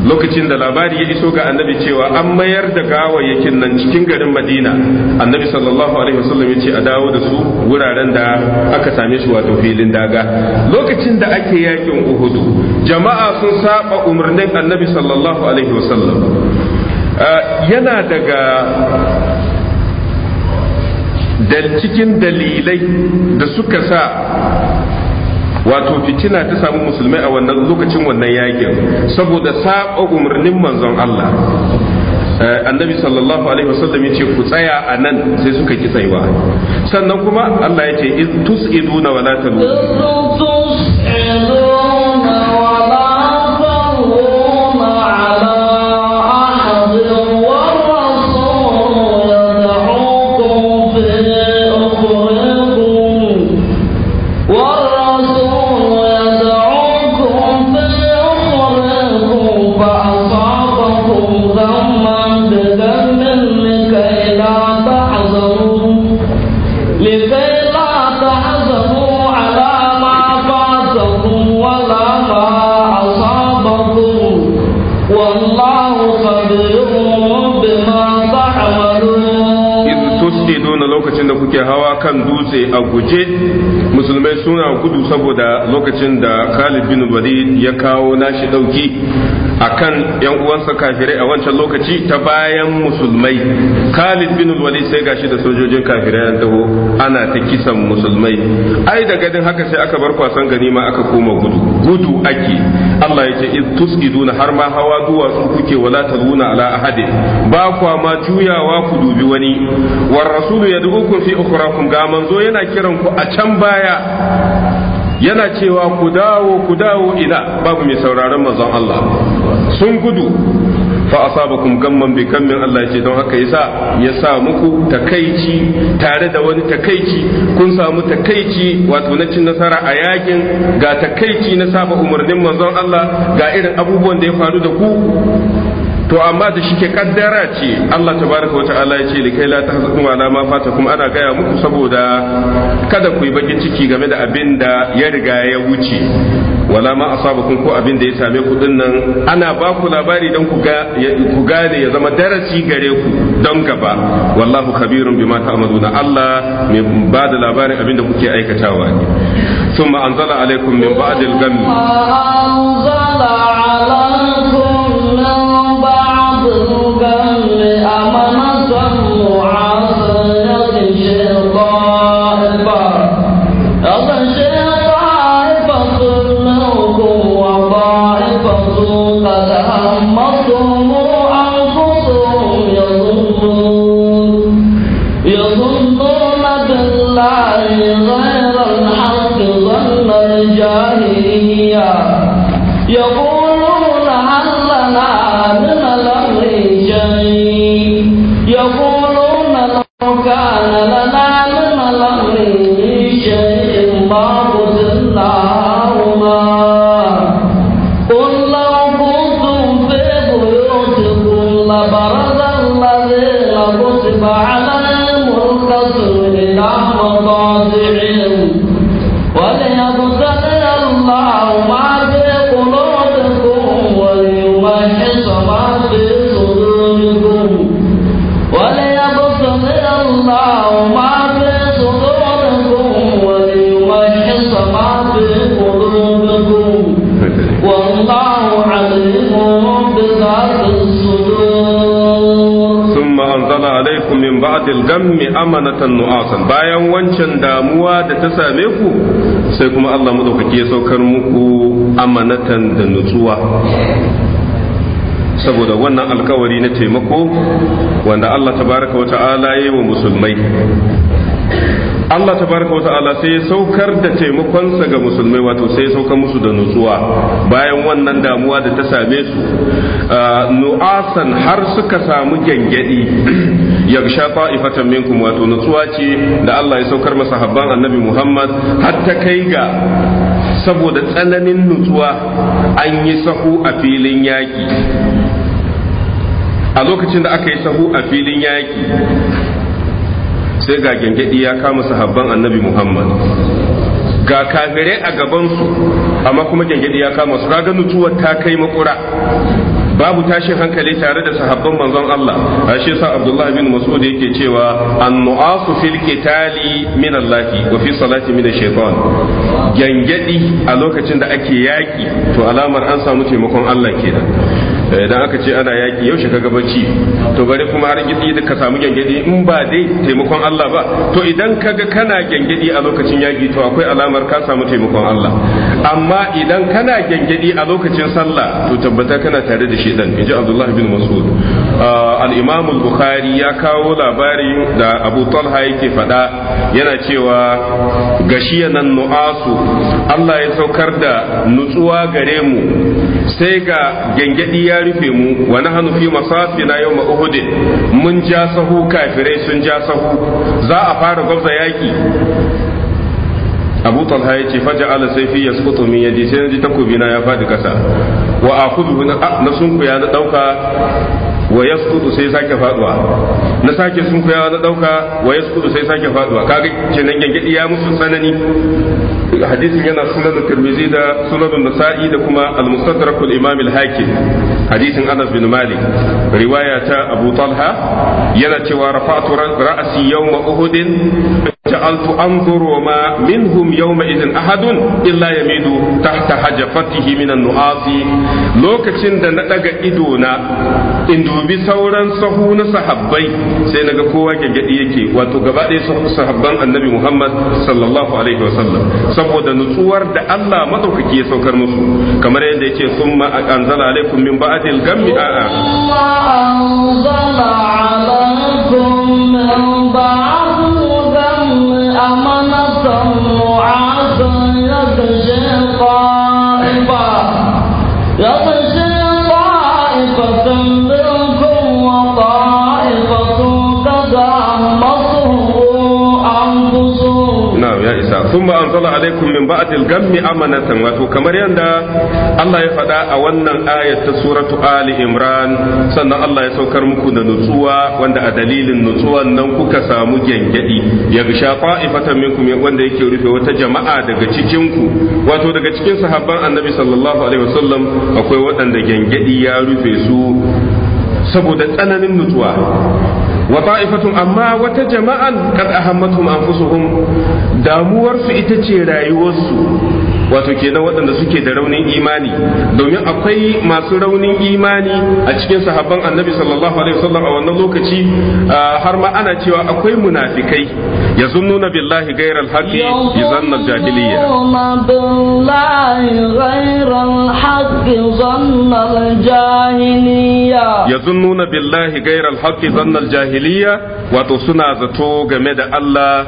lokacin da labari ya iso ga annabi cewa an mayar da gawayyakin nan cikin garin madina annabi sallallahu alaihi wasallam ya ce a dawo da su wuraren da aka same su wato filin daga lokacin da ake yakin uhudu jama'a sun saba umarnin annabi sallallahu alaihi wasallam uh, yana daga da cikin dalilai da suka sa wato fitina ta samu musulmai a wannan lokacin wannan yakin saboda saba umarnin manzon Allah eh, annabi sallallahu alaihi wasallam yace ku tsaya a nan sai suka ki tsayuwa sannan kuma Allah yace iz tusiduna wala talu a guje musulmai suna gudu saboda lokacin da khalid bin walid ya kawo nashi dauki akan yan uwansa kafirai a wancan lokaci ta bayan musulmai Khalid bin Walid sai gashi da sojojin kafirai an taho ana ta kisan musulmai ai da gadin haka sai aka bar kwasan ganima aka koma gudu gudu ake Allah ya ce id tusiduna har ma hawa duwatsu kuke wala taluna ala ahadin ba kwa ma juyawa ku dubi wani war rasulu yad'ukum fi ukhrakum ga manzo yana kiran ku a can baya yana cewa ku dawo ku dawo ina babu mai sauraron manzon Allah sun gudu fa asabakum gamman bi kammin Allah ce don haka yasa ya sa muku takaici tare da wani takaici kun samu takaici wato na cin nasara a yakin ga takaici na saba umarnin manzon Allah ga irin abubuwan da ya faru da ku to amma da shike kaddara ce Allah tabaraka wa ta'ala ya ce likai la tahzanu ala ma fata kuma ana gaya muku saboda kada ku yi bakin ciki game da abin da ya riga ya wuce wala ma asabakum ko abin da ya same ku din nan ana ba ku labari dan ku ga ku gane ya zama darasi gare ku don gaba wallahu khabirun bima ta'maluna Allah mai ba da labarin abin da kuke aikatawa ne ثم min عليكم من بعد الغم amanatan nu'asan bayan wancan damuwa da ta same ku sai kuma Allah madaukaki ya saukar muku amanatan da nutsuwa saboda wannan alkawari na taimako wanda Allah tabaraka wa ta'ala yi wa musulmai Allah ta baraka wa ta'ala sai ya saukar da taimakonsa ga musulmai wato sai ya saukar musu da nutsuwa bayan wannan damuwa da ta same su nu'asan har suka samu gyangyaɗi shafa ifatan minkum wato nutsuwa ce da Allah ya saukar masa habban annabi Muhammad har ta kai ga saboda tsananin nutsuwa an yi sahu a filin yaki, a lokacin da aka yi sahu a filin yaki. sai ga gengedi ya kama sahabban annabi muhammad ga kafirai a gabansu amma kuma gengedi ya kama su ga nutuwar ta kai makura babu tashin hankali tare da sahabban manzon Allah ashe sa Abdullah bin Mas'ud yake cewa an nu'asu fil qitali min Allah wa fi salati min shaytan gengedi a lokacin da ake yaki to alamar an samu taimakon Allah kenan idan eh, aka ce ana yaki yaushe ka ga bacci to bari kuma har gidi da ka samu gengedi in ba dai taimakon Allah ba to idan ga kana gengedi a lokacin yaki to akwai alamar ka samu taimakon Allah amma idan kana gengedi a lokacin sallah to tabbata kana tare da shedan inji Abdullah bin Mas'ud ah, al-Imam al-Bukhari ya kawo labarin da Abu Talha yake faɗa yana cewa gashiya nan nu'asu Allah ya saukar da nutsuwa gare mu sai ga gengedi ya rufe mu wa nahnu fi masafina yawma uhud mun ja sahu kafirai sun ja sahu za a fara gwabza yaki abu talha ya ce faja ala sai fi ya sukutu min yadi sai na ji takobi na ya faɗi kasa wa a na sunku ya na ɗauka wa yasqutu sai sake faduwa na sake sunkuyawa na dauka wa yasqutu sai sake faduwa kaga kenan gangadi ya musu tsanani hadisin yana sunan tirmizi da sunan nasa'i da kuma al-mustadrak al-imam al-hakim hadisin anas bin malik riwaya ta abu talha yana cewa rafa'tu ra'asi yawma uhudin ja'altu anzuru ma minhum yawma idin ahadun illa yamidu tahta hajafatihi min nuasi lokacin da na daga ido na in dubi sauran sahu na sahabbai sai naga kowa gaggadi yake wato gaba annabi Muhammad saboda nutsuwar da Allah madaukaki ya saukar musu kamar yadda yake summa anzala thumma anzala alaikum min ba'dil gammi amanatan wato kamar yadda Allah ya faɗa a wannan ayat ta suratu Ali Imran sannan Allah ya saukar muku da nutsuwa wanda a dalilin nutsuwan nan kuka samu gengedi ya gisha qa'ifatan minkum wanda yake rufe wata jama'a daga cikin ku wato daga cikin sahabban Annabi sallallahu alaihi wasallam akwai waɗanda gengedi ya rufe su saboda tsananin nutsuwa wa amma wata jama'an kad ahammatuhum anfusuhum damuwarsu ita ce rayuwarsu wato kenan waɗanda suke da raunin imani domin akwai masu raunin imani a cikin sahabban annabi sallallahu alaihi wasallam a wannan lokaci har ma ana cewa akwai munafikai Ya yazunnuna billahi ghairal haqqi yuzanna jahiliyya billahi ghairal haqqi zanna jahiliyya yazunnuna billahi ghairal haqqi zanna jahiliya wato suna zato game da Allah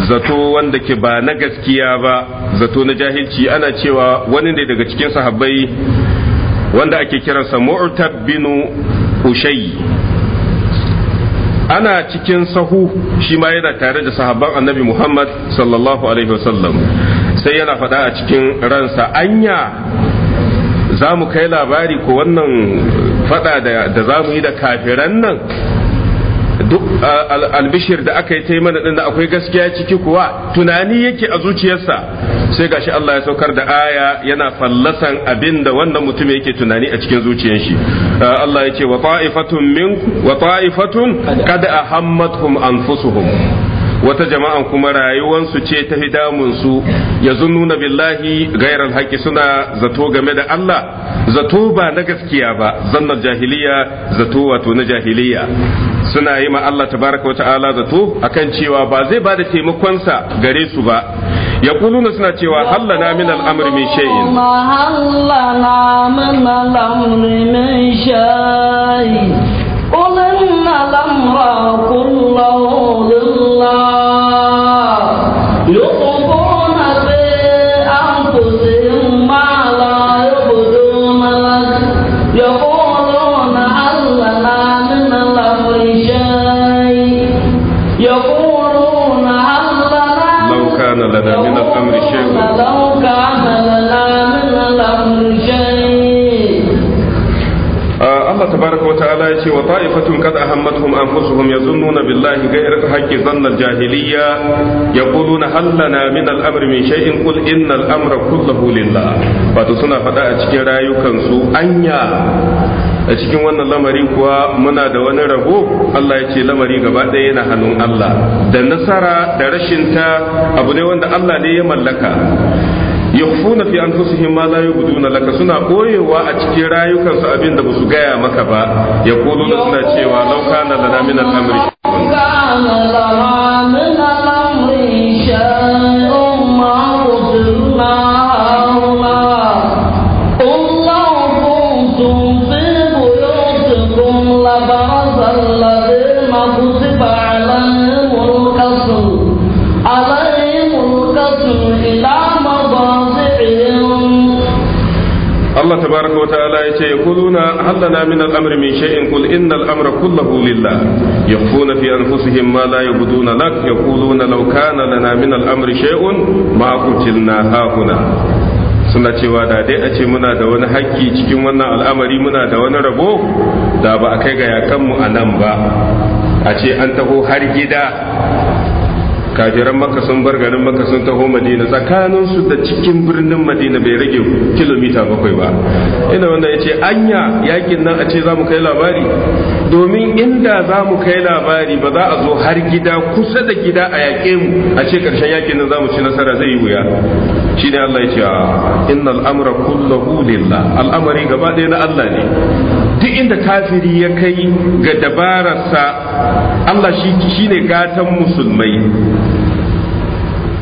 zato wanda ke ba na gaskiya ba zato na jahilci ana cewa wani ne daga cikin sahabbai wanda ake kiransa mu'tab bin ushay ana cikin sahu shi ma yana tare da sahabban annabi muhammad sallallahu alaihi wasallam sai yana faɗa a cikin ransa anya za mu kai labari ko wannan faɗa da za mu yi da kafiran nan albishir da aka yi ta mana din da akwai gaskiya ciki kuwa tunani yake a zuciyarsa sai gashi Allah ya saukar da aya yana fallasan abin da wannan mutum yake tunani a cikin zuciyar shi Allah ya ce wa ta'ifatun min wa ta'ifatun kad ahammatuhum anfusuhum wata jama'an kuma rayuwansu ce ta damunsu ya nuna billahi gairar haƙi suna zato game da Allah zato ba na gaskiya ba zannar jahiliya zato wato na jahiliya suna yi ma Allah tabaraka wa ta'ala zato akan cewa ba zai ba da taimakonsa gare su ba ya kununa suna cewa hallana من الامر من شيء هل tabaraka wa ta'ala yace wa ta'ifatun qad ahammatuhum anfusuhum يظنون بالله غير الحق ظن الجاهلية يقولون هل لنا من الأمر من شيء قل إن الأمر كله لله فتسنى فدا أتكي رايكم أنيا a cikin wannan lamari kuwa muna da wani rabo Allah ya ce lamari gaba ɗaya na hannun Allah da nasara da rashinta abu ne wanda Allah ne ya mallaka yakhfuna fi anfusihim ma la yubduna laka suna koyewa a cikin rayukansu abin da basu gaya maka ba yaquluna suna cewa law kana lana min al-amri كان لها من الأمر شيء معذورا Allah tabaraka wa ta'ala ya ce yaquluna hallana min al min shay'in qul inna amra kulluhu lillah yakhfuna fi anfusihim ma la yubduna lak yaquluna law kana lana min al shay'un ma qutilna hahuna suna cewa da dai a ce muna da wani haƙƙi cikin wannan al'amari muna da wani rabo da ba a kai ga yakanmu a nan ba a ce an taho har gida kafiran maka sun bar garin maka sun taho madina tsakanin su da cikin birnin madina bai rage kilomita bakwai ba ina wanda ya ce anya yakin nan a ce za mu kai labari domin inda za mu kai labari ba za a zo har gida kusa da gida a yaƙe mu a ce ƙarshen yakin nan za mu ci nasara zai yi wuya shi ne Allah ya ce inna amra kulla lillah al'amari gaba ɗaya na Allah ne duk inda kafiri ya kai ga dabararsa Allah shi ne gatan musulmai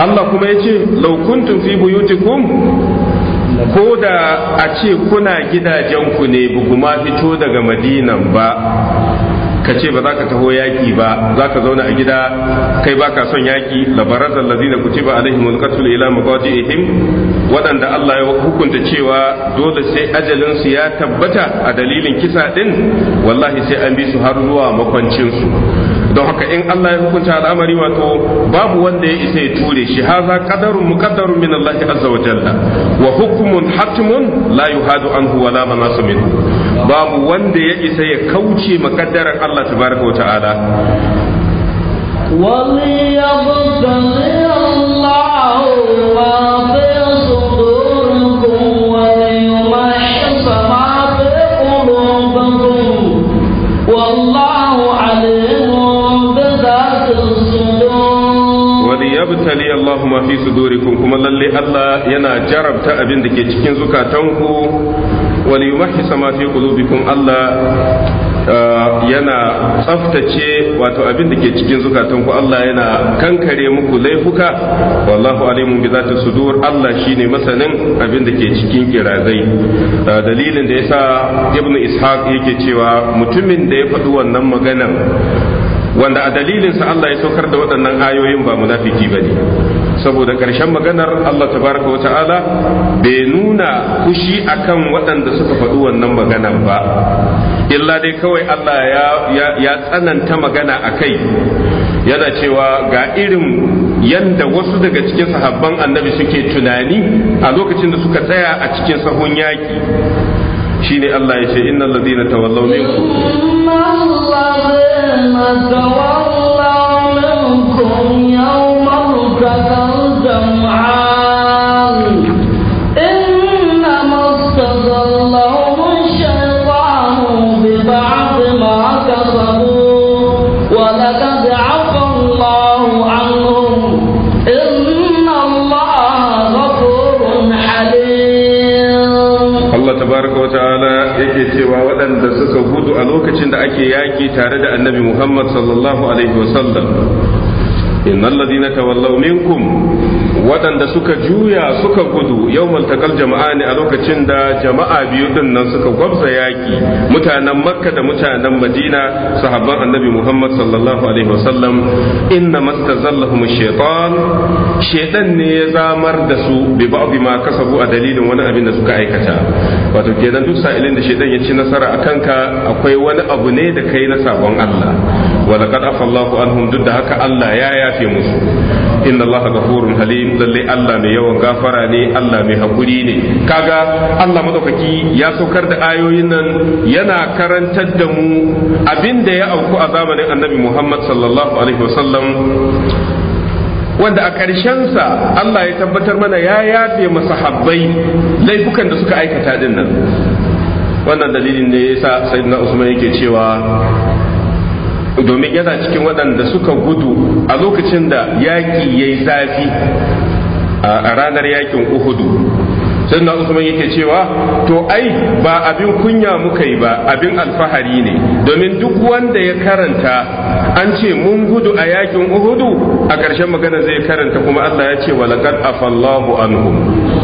Allah kuma ya ce laukuntun fi buyutikum ko da a ce kuna gidajenku ne bugu ma fito daga madinan ba ka ce ba za ka taho yaƙi ba za ka zauna a gida kai ba ka son yaƙi labarazan lazina kutiba alaihi qatl ila ihim waɗanda Allah ya hukunta cewa dole sai ajalinsu ya tabbata a dalilin kisa ɗin wallahi sai an bi su har zuwa makwancinsu don haka in Allah ya hukunta al'amari wato babu wanda ya isa ya ture shi haza qadarun muqaddarun min Allah azza wa jalla wa hukmun hatmun la yuhadu anhu wa la manasu minhu babu wanda ya isa ya kauce maƙaddarar Allah tabaraka wa ta'ala وليبتلي الله والله عليم بذات الصدور وليبتلي الله ما في صدوركم كما للي الله ينا جرب تأبين دكي تشكين زكاتنكو وليمحص ما في قلوبكم الله Eh, yana tsaftace wato abin da ke cikin zukatan ku Allah yana kankare muku laifuka wallahu alimun bi zati sudur Allah shine masanin abin da ke cikin kirazai eh, dalilin da yasa ibnu ishaq yake cewa mutumin da ya faɗi wannan maganan wanda a dalilinsa Allah ya saukar da waɗannan ayoyin ba munafiki ba ne saboda ƙarshen maganar Allah tabaraka wata'ala bai nuna kushi akan waɗanda suka faɗi wannan maganan ba illa dai kawai Allah ya tsananta magana a kai yana cewa ga irin yadda wasu daga cikin sahabban annabi suke tunani a lokacin da suka tsaya a cikin sahun yaki ne Allah ya ce inna na tawallau ne ku cewa waɗanda suka gudu a lokacin da ake yaƙi tare da annabi Muhammad sallallahu alaihi wasallam innal ladina tawallaw minkum waɗanda suka juya suka gudu yau maltakal jama'a ne a lokacin da jama'a biyu din nan suka gwabza yaƙi mutanen makka da mutanen madina sahabban annabi muhammad sallallahu alaihi wasallam inna mastazallahum shaitan shaitan ne ya zamar da su bi ba'd ma kasabu a dalilin wani abin da suka aikata wato kenan duk sa'ilin da shaitan ya ci nasara akan ka akwai wani abu ne da kai na sabon Allah wa laqad afallahu anhum duk da haka Allah ya yafe musu inna allaha ghafurun halim rahim lalle Allah mai yawan gafara ne Allah mai hakuri ne kaga Allah madaukaki ya saukar da ayoyin nan yana karantar da mu abinda ya auku a zamanin Annabi Muhammad sallallahu alaihi wasallam wanda a ƙarshen sa Allah ya tabbatar mana ya yafe masahabbai laifukan da suka aikata din wannan dalilin ne yasa sayyidina Usman yake cewa domin yana cikin waɗanda suka gudu a lokacin da yaƙi ya yi zafi a ranar yaƙin uhudu sai na usman yake cewa to ai ba abin kunya muka yi ba abin alfahari ne domin duk wanda ya karanta an ce mun gudu a yaƙin uhudu a ƙarshen magana zai karanta kuma allah ya ce walakar afallahu anhum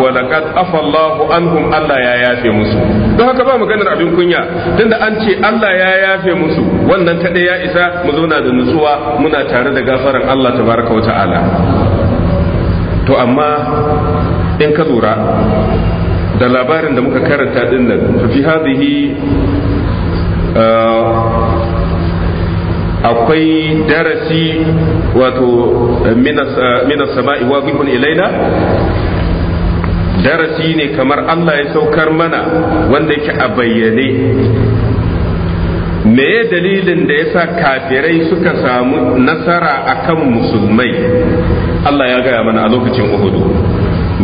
wa laqad afa Allahu anhum Allah ya yafe musu don haka ba maganar abin kunya tunda an ce Allah ya yafe musu wannan ta ya isa mu zauna da nutsuwa muna tare da gafaran Allah tabaraka wa ta'ala to amma in ka lura da labarin da muka karanta din nan fi hadhihi uh, akwai darasi wato minas uh, sama'i wazihun ilaina darasi ne kamar Allah ya saukar mana wanda yake a bayyane meye dalilin da yasa kafirai suka samu nasara akan musulmai Allah ya gaya mana a lokacin Uhudu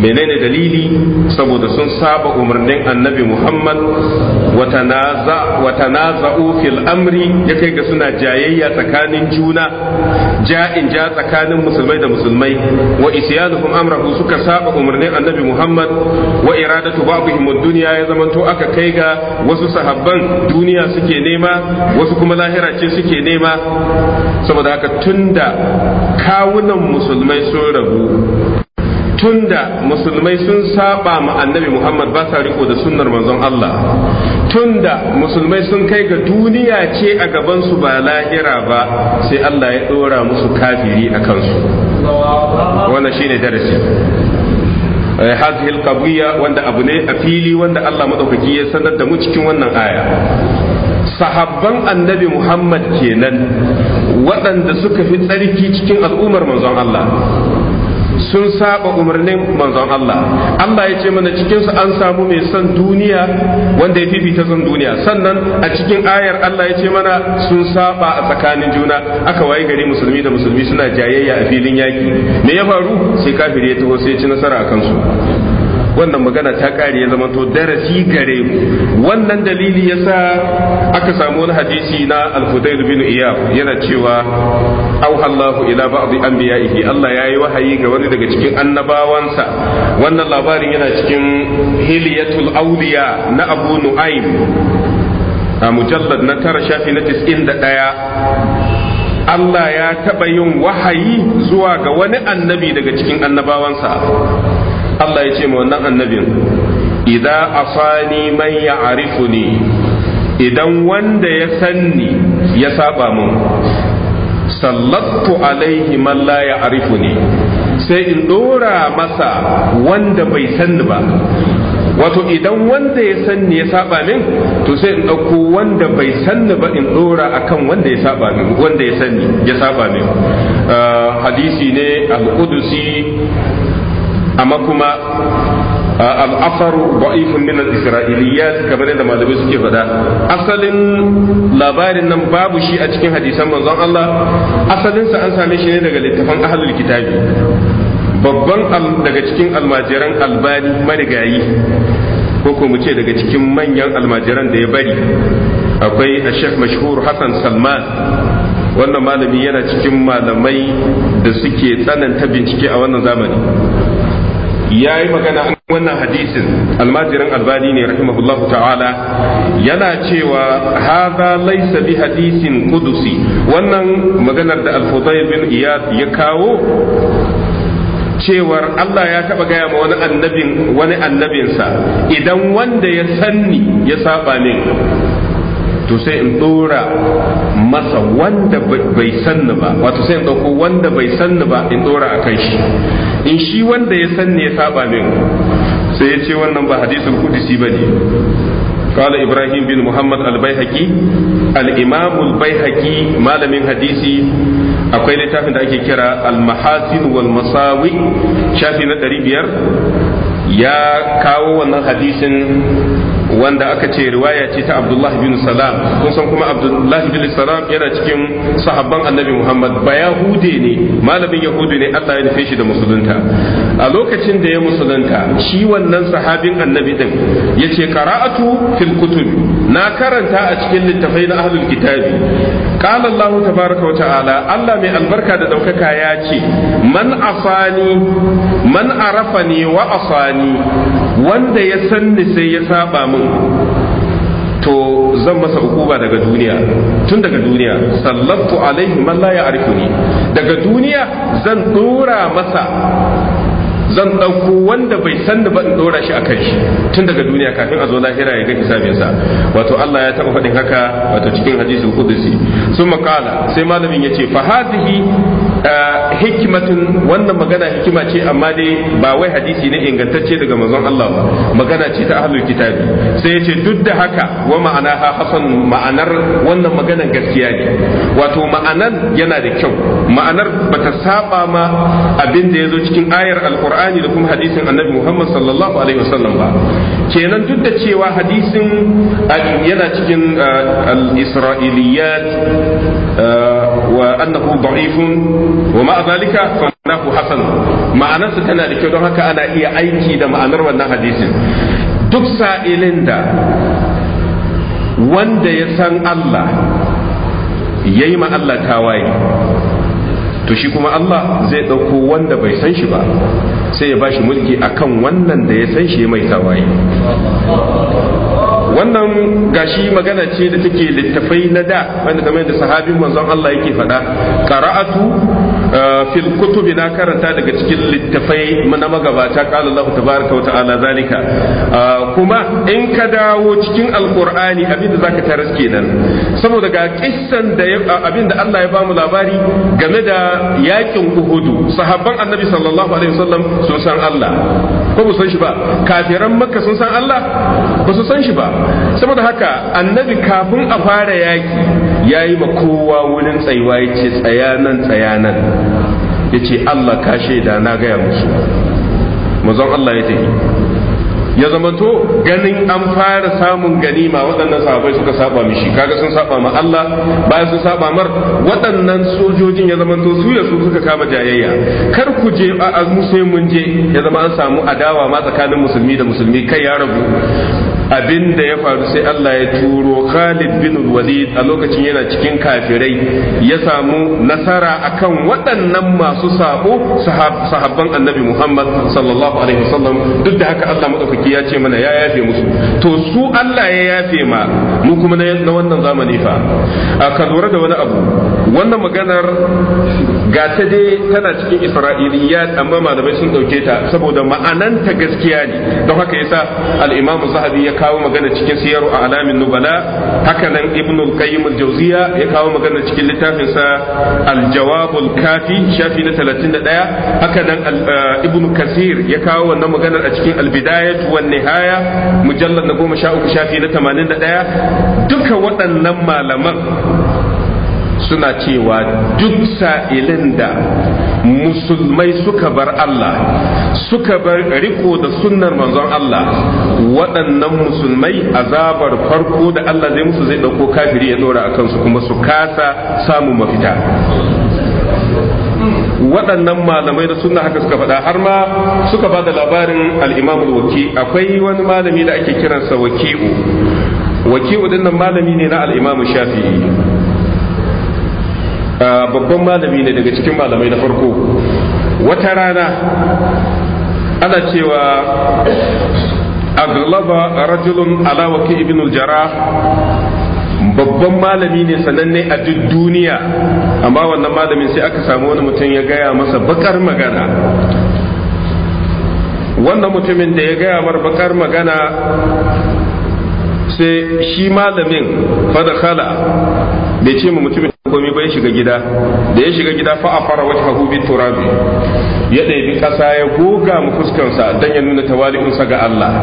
menene dalili saboda sun saba umarnin annabi muhammad wata naza'u fil amri ya kai ga suna jayayya tsakanin juna ja'in ja tsakanin musulmai da musulmai wa isyanuhum amrahu suka saba umarnin annabi muhammad wa iradatu ba'dihim duniya ya zamanto aka kai ga wasu sahabban duniya suke nema wasu kuma lahira ce suke nema saboda haka tunda kawunan musulmai sun rabu tunda musulmai sun saba ma annabi Muhammad ba sa riko da sunnar manzon Allah tunda musulmai sun kai ga duniya ce a gabansu ba lahira ba sai Allah ya dora musu kafiri a kansu wannan ne darasi eh, hadhihi alqabiyya wanda abu ne a fili wanda Allah madaukaki ya sanar da mu cikin wannan aya sahabban annabi Muhammad kenan waɗanda suka fi tsarki cikin al'ummar manzon Allah sun saba umarnin manzon Allah Allah ya ce mana cikin su an samu mai son duniya wanda ya fifita son duniya sannan a cikin ayar Allah ya ce mana sun saba a tsakanin juna aka wayi gari musulmi da musulmi suna jayayya a filin yaki me ya faru sai kafiri ya taho sai ya ci nasara a kansu wannan magana ta kare ya zamanto darasi gare mu wannan dalili yasa aka samu wani hadisi na al bin Iyab yana cewa auha Allahu ila ba'd anbiya'ihi Allah yayi wahayi ga wani daga cikin annabawansa wannan labarin yana cikin Hilyatul Awliya na Abu Nu'aym a mujallad na tara shafi na ɗaya Allah ya taɓa yin wahayi zuwa ga wani annabi daga cikin annabawansa Allah ya ce ma wannan annabin idan asani man ya arifuni idan wanda ya sanni ya saba mun sallattu alaihi man la ya arifuni sai in dora masa wanda bai sanni ba wato idan wanda ya sanni ya saba min to sai in ɗauko wanda bai sanni ba in ɗora akan wanda ya saba min wanda ya sanni ya saba min ah, hadisi ne al-qudusi amma kuma al'afar da'ifun min al-isra'iliyat kamar yadda malamai suke faɗa asalin labarin nan babu shi a cikin hadisan manzon Allah asalinsa an same shi ne daga littafan ahlul kitabi babban daga cikin almajiran albani marigayi ko ko mu ce daga cikin manyan almajiran da ya bari akwai a shek mashhur hassan salman wannan malami yana cikin malamai da suke tsananta bincike a wannan zamani ya yi magana an wannan hadisin almajirin albani ne rahimahullahu ta'ala yana cewa haza laisa bi hadisin kudusi wannan maganar da al bin iyad ya kawo cewar Allah ya taɓa gaya ma wani annabin wani annabinsa idan wanda ya sanni ya saba min to sai in dora masa wanda bai sanni ba wato sai in dauko wanda bai sanni ba in dora a shi in shi wanda ya sanni ya saba min sai ya ce wannan ba hadisin kudisi ba ne kala ibrahim bin muhammad al-bayhaqi al imamul al-bayhaqi malamin hadisi akwai littafin da ake kira al-mahasib wal-masawi shafi na 500 ya kawo wannan hadisin wanda aka ce riwaya ce ta abdullahi bin salam kun san kuma abdullahi bin salam yana cikin sahabban annabi muhammad ba yahude ne malamin yahudu ne allah ya nufe shi da musulunta a lokacin da ya musulunta shi wannan sahabin annabi din ya ce qara'atu fil kutub na karanta a cikin littafai na ahlul kitabi qala allah tabaraka wa ta'ala allah mai albarka da daukaka ya ce man afani man arafani wa afani wanda ya san ni sai ya saba min to zan masa ukuba daga duniya tun daga duniya sallabtu alaihi man la ya'rifuni daga duniya zan dora masa zan ɗauko wanda bai san da ban ɗora shi a kai shi tun daga duniya kafin a zo lahira ya ga hisabinsa wato Allah ya taɓa faɗin haka wato cikin hadisin kudusi sun makala sai malamin ya ce fa eh, hikimatin wannan magana hikima ce amma dai ba wai hadisi ne ingantacce daga manzon Allah ba magana ce ta ahlul kitabi sai ya ce duk da haka wa ma'ana ha hasan ma'anar wannan maganar gaskiya ne wato ma'anar yana da kyau ma'anar bata saba ma abin da zo cikin ayar alkuran alqur'ani da kuma hadisin annabi muhammad sallallahu alaihi wasallam ba kenan duk da cewa hadisin yana cikin al-isra'iliyat wa annahu da'ifun wa ma'a zalika fa ma'anahu hasan ma'anarsa tana da kyau don haka ana iya aiki da ma'anar wannan hadisin duk sa'ilin da wanda ya san Allah ya yi Allah tawaye to shi kuma Allah zai ɗauko wanda bai san shi ba sai ya bashi mulki akan wannan da ya san shi mai tawaye wannan gashi magana ce da take littafai na da wanda kamar yadda sahabin manzon Allah yake faɗa qara'atu uh, fil kutubi na karanta daga cikin littafai na magabata qala Allah tabaaraka wa ta'ala zalika uh, kuma in ka dawo cikin alqur'ani abinda zaka taras kenan saboda ga kissan da uh, abinda Allah ya bamu labari game da yakin uhudu sahabban annabi sallallahu alaihi wasallam sun san Allah ko ba san shi ba kafiran makka sun san Allah ba su san shi ba saboda haka annabi kafin a fara yaki yayi ma kowa wurin tsayuwa yace tsaya nan tsaya nan yace Allah ka shaida na gaya musu manzon Allah ya tafi ya zamanto ganin an fara samun ganima waɗannan sahabbai suka saba mishi kaga sun saba ma Allah bayan sun saba mar waɗannan sojojin ya zamanto su ya su suka kama jayayya kar ku je a sai mun je ya zama an samu adawa ma tsakanin musulmi da musulmi kai ya rabu abin da ya faru sai Allah ya turo Khalid bin Walid a lokacin yana cikin kafirai ya samu nasara akan waɗannan masu sabo sahabban Annabi Muhammad sallallahu alaihi wasallam duk da haka Allah madaukaki ya ce mana ya yafe musu to su Allah ya yafe ma mu kuma na wannan zamani fa ka lura da wani abu wannan maganar ga ta dai tana cikin Isra'iliyat amma malamai sun dauke ta saboda ma'ananta gaskiya ne don haka yasa al-Imam Zahabi ya kawo magana cikin siyaru a alamin nubala haka nan ibn al-qayyim al-jawziya ya kawo magana cikin littafin sa al-jawab al-kafi shafi na 31 haka nan uh, ibn kasir ya kawo wannan magana a cikin al-bidayat wan nihaya mujallad na 13 shafi na 81 duka waɗannan malaman suna cewa duk sa'ilin da musulmai suka bar Allah suka bar riko da sunnar manzon Allah waɗannan musulmai azabar farko da Allah zai musu zai ɗauko kafiri ya ɗora a kansu kuma su kasa samun mafita waɗannan malamai da sunna haka suka faɗa har ma suka ba da labarin al'imam waki akwai wani malami da ake kiransa waki'u waki'u ɗin malami ne na al'imamin shafi'i babban malami ne daga cikin malamai na farko wata rana ana cewa aglaba rajulun alawaki ibn jarrah babban malami ne sananne a duk duniya amma wannan malamin sai aka samu wani mutum ya gaya masa bakar magana wannan mutumin da ya gaya mar bakar magana sai shi malamin fada khala bai ce mu mutumin komai bai shiga gida da ya shiga gida fa a fara wata hagubi turabi ya ɗebi ƙasa ya goga mu fuskansa don ya nuna tawali'unsa ga Allah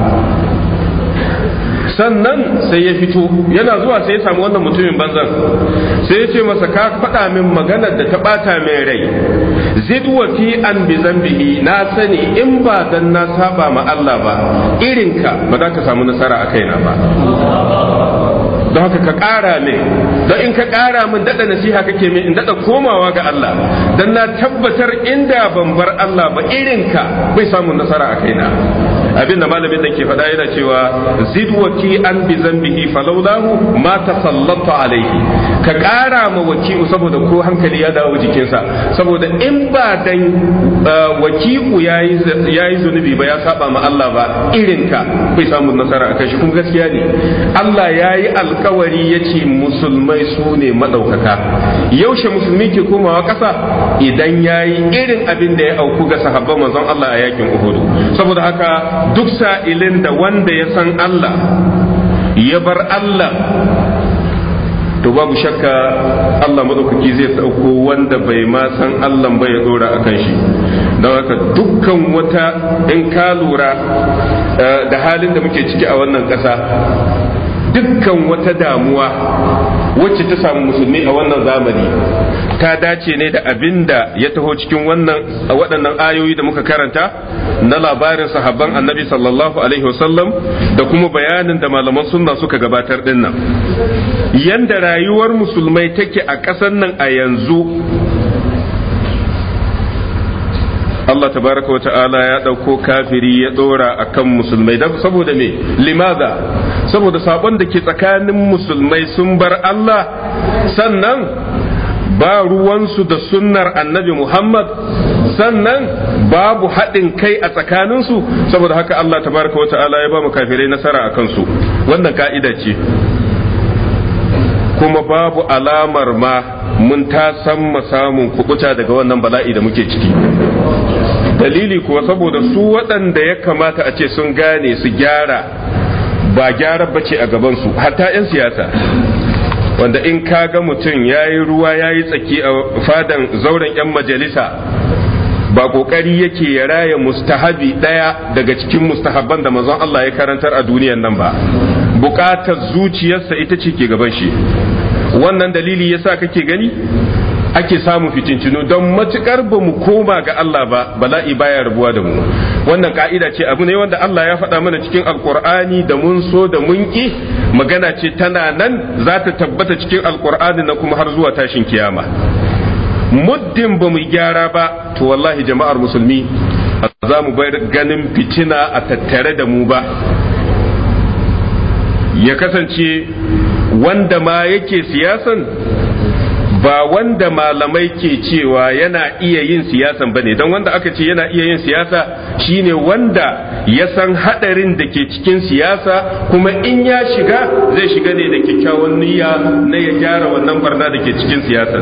sannan sai ya fito yana zuwa sai ya samu wannan mutumin banzan sai ya ce masa ka faɗa min maganar da ta ɓata mai rai zid wa fi an bi zambihi na sani in ba dan na saba ma Allah ba irinka ba za ka samu nasara a kaina ba don haka ka ƙara min don in ka ƙara min daɗa nasiha kake min in daɗa komawa ga Allah don na tabbatar inda ban bar Allah ba irinka bai samun nasara a kaina Abin da malamin da ke faɗa yana cewa zid waki an bi zambihi falaulahu ma ta tasallata alaihi ka ƙara ma waki'u saboda ko hankali ya dawo jikinsa saboda in ba dan uh, waki'u yi zunubi ba ya saba ma Allah ba irin ka. bai samu nasara a kashi kuma gaskiya ne Allah ya yayi alkawari ya ce musulmai su ne madaukaka yaushe musulmi ke komawa ƙasa idan ya yi irin abin da ya auku ga sahabban manzon Allah a yakin Uhud saboda haka duk sa'ilin da wanda ya san Allah ya bar Allah to babu shakka Allah madaukaki zai sauko wanda bai ma san Allah ba ya dora a kan shi don haka dukkan wata in ka lura eh, da halin da muke ciki a wannan ƙasa dukkan wata damuwa wacce ta samu musulmi a wannan zamani ta dace ne da abin da ya taho cikin wannan waɗannan ayoyi da muka karanta na labarin sahabban annabi sallallahu alaihi wasallam da kuma bayanin da malaman sunna suka gabatar dinnan yanda rayuwar musulmai take a ƙasar nan a yanzu Allah tabaraka ta'ala ya ɗauko kafiri ya ɗora a kan musulmai saboda me limaza saboda sabon da ke tsakanin musulmai sun bar Allah sannan ba ruwansu da sunnar annabi Muhammad sannan babu haɗin kai a tsakaninsu saboda haka Allah tabaraka wata'ala ya ba mu kafirai nasara a kansu wannan ka'ida ce kuma babu alamar ma mun ta san samun kubuta daga wannan bala'i da muke ciki dalili kuwa saboda su waɗanda ya kamata a ce sun gane su gyara ba gyara bace a gabansu hatta 'yan siyasa wanda in ka ga mutum ya yi ruwa ya yi tsaki a fadan zauren 'yan majalisa ba ƙoƙari yake ya raya mustahabi ɗaya daga cikin mustahabban da mazan Allah ya karantar a duniyan nan ba buƙatar zuciyarsa ita ce ke gaban shi wannan dalili yasa kake gani ake samu fitincinu don matukar ba mu koma ga Allah ba bala'i baya rabuwa da mu wannan ka'ida ce abu ne wanda Allah ya faɗa mana cikin alkur'ani da mun so da mun ki magana ce tana nan za ta tabbata cikin alkur'ani na kuma har zuwa tashin kiyama muddin ba mu gyara ba to wallahi jama'ar musulmi za mu bar ganin fitina a tattare da mu ba ya kasance wanda ma yake siyasan ba wanda malamai ke cewa yana iya yin siyasa bane don wanda aka ce yana iya yin siyasa shine wanda ya san hadarin da ke cikin siyasa kuma in ya shiga zai shiga ne da kyakkyawan niyya na ya gyara wannan barna da ke cikin siyasa.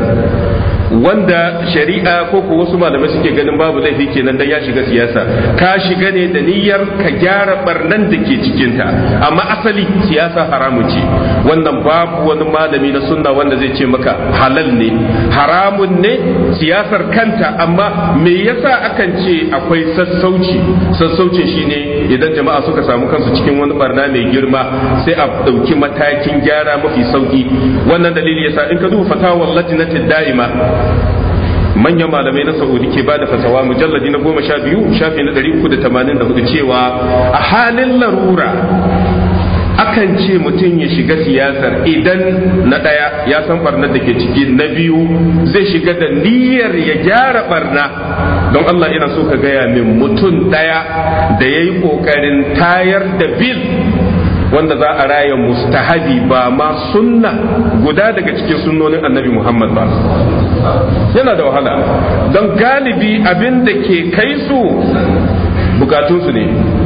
wanda shari'a ko ko wasu malamai suke ganin babu laifi kenan dan ya shiga siyasa ka shiga ne da niyyar ka gyara barnan da ke cikin ta amma asali siyasa haramu ce wannan babu wani malami na sunna wanda zai ce maka halal ne haramun ne siyasar kanta amma me yasa akan ce akwai sassauci sassaucin shine idan jama'a suka samu kansu cikin wani barna mai girma sai a ɗauki matakin gyara mafi sauki wannan dalili yasa in ka duba fatawar lajnatin da'ima manyan malamai na saudi ke ba da fasawa mujalladi na goma sha biyu shafi na ɗari uku da tamanin da hudu cewa a halin larura akan ce mutum ya shiga siyasar idan na ɗaya ya san barnar da ke ciki na biyu zai shiga da niyyar ya gyara barna don Allah ina so ka gaya min mutum ɗaya da ya yi ƙoƙarin tayar da bil wanda za a raya mustahabi ba ma sunna guda daga cikin sunnonin annabi Muhammad ba yana da wahala don galibi abin da ke kai su bukatunsu ne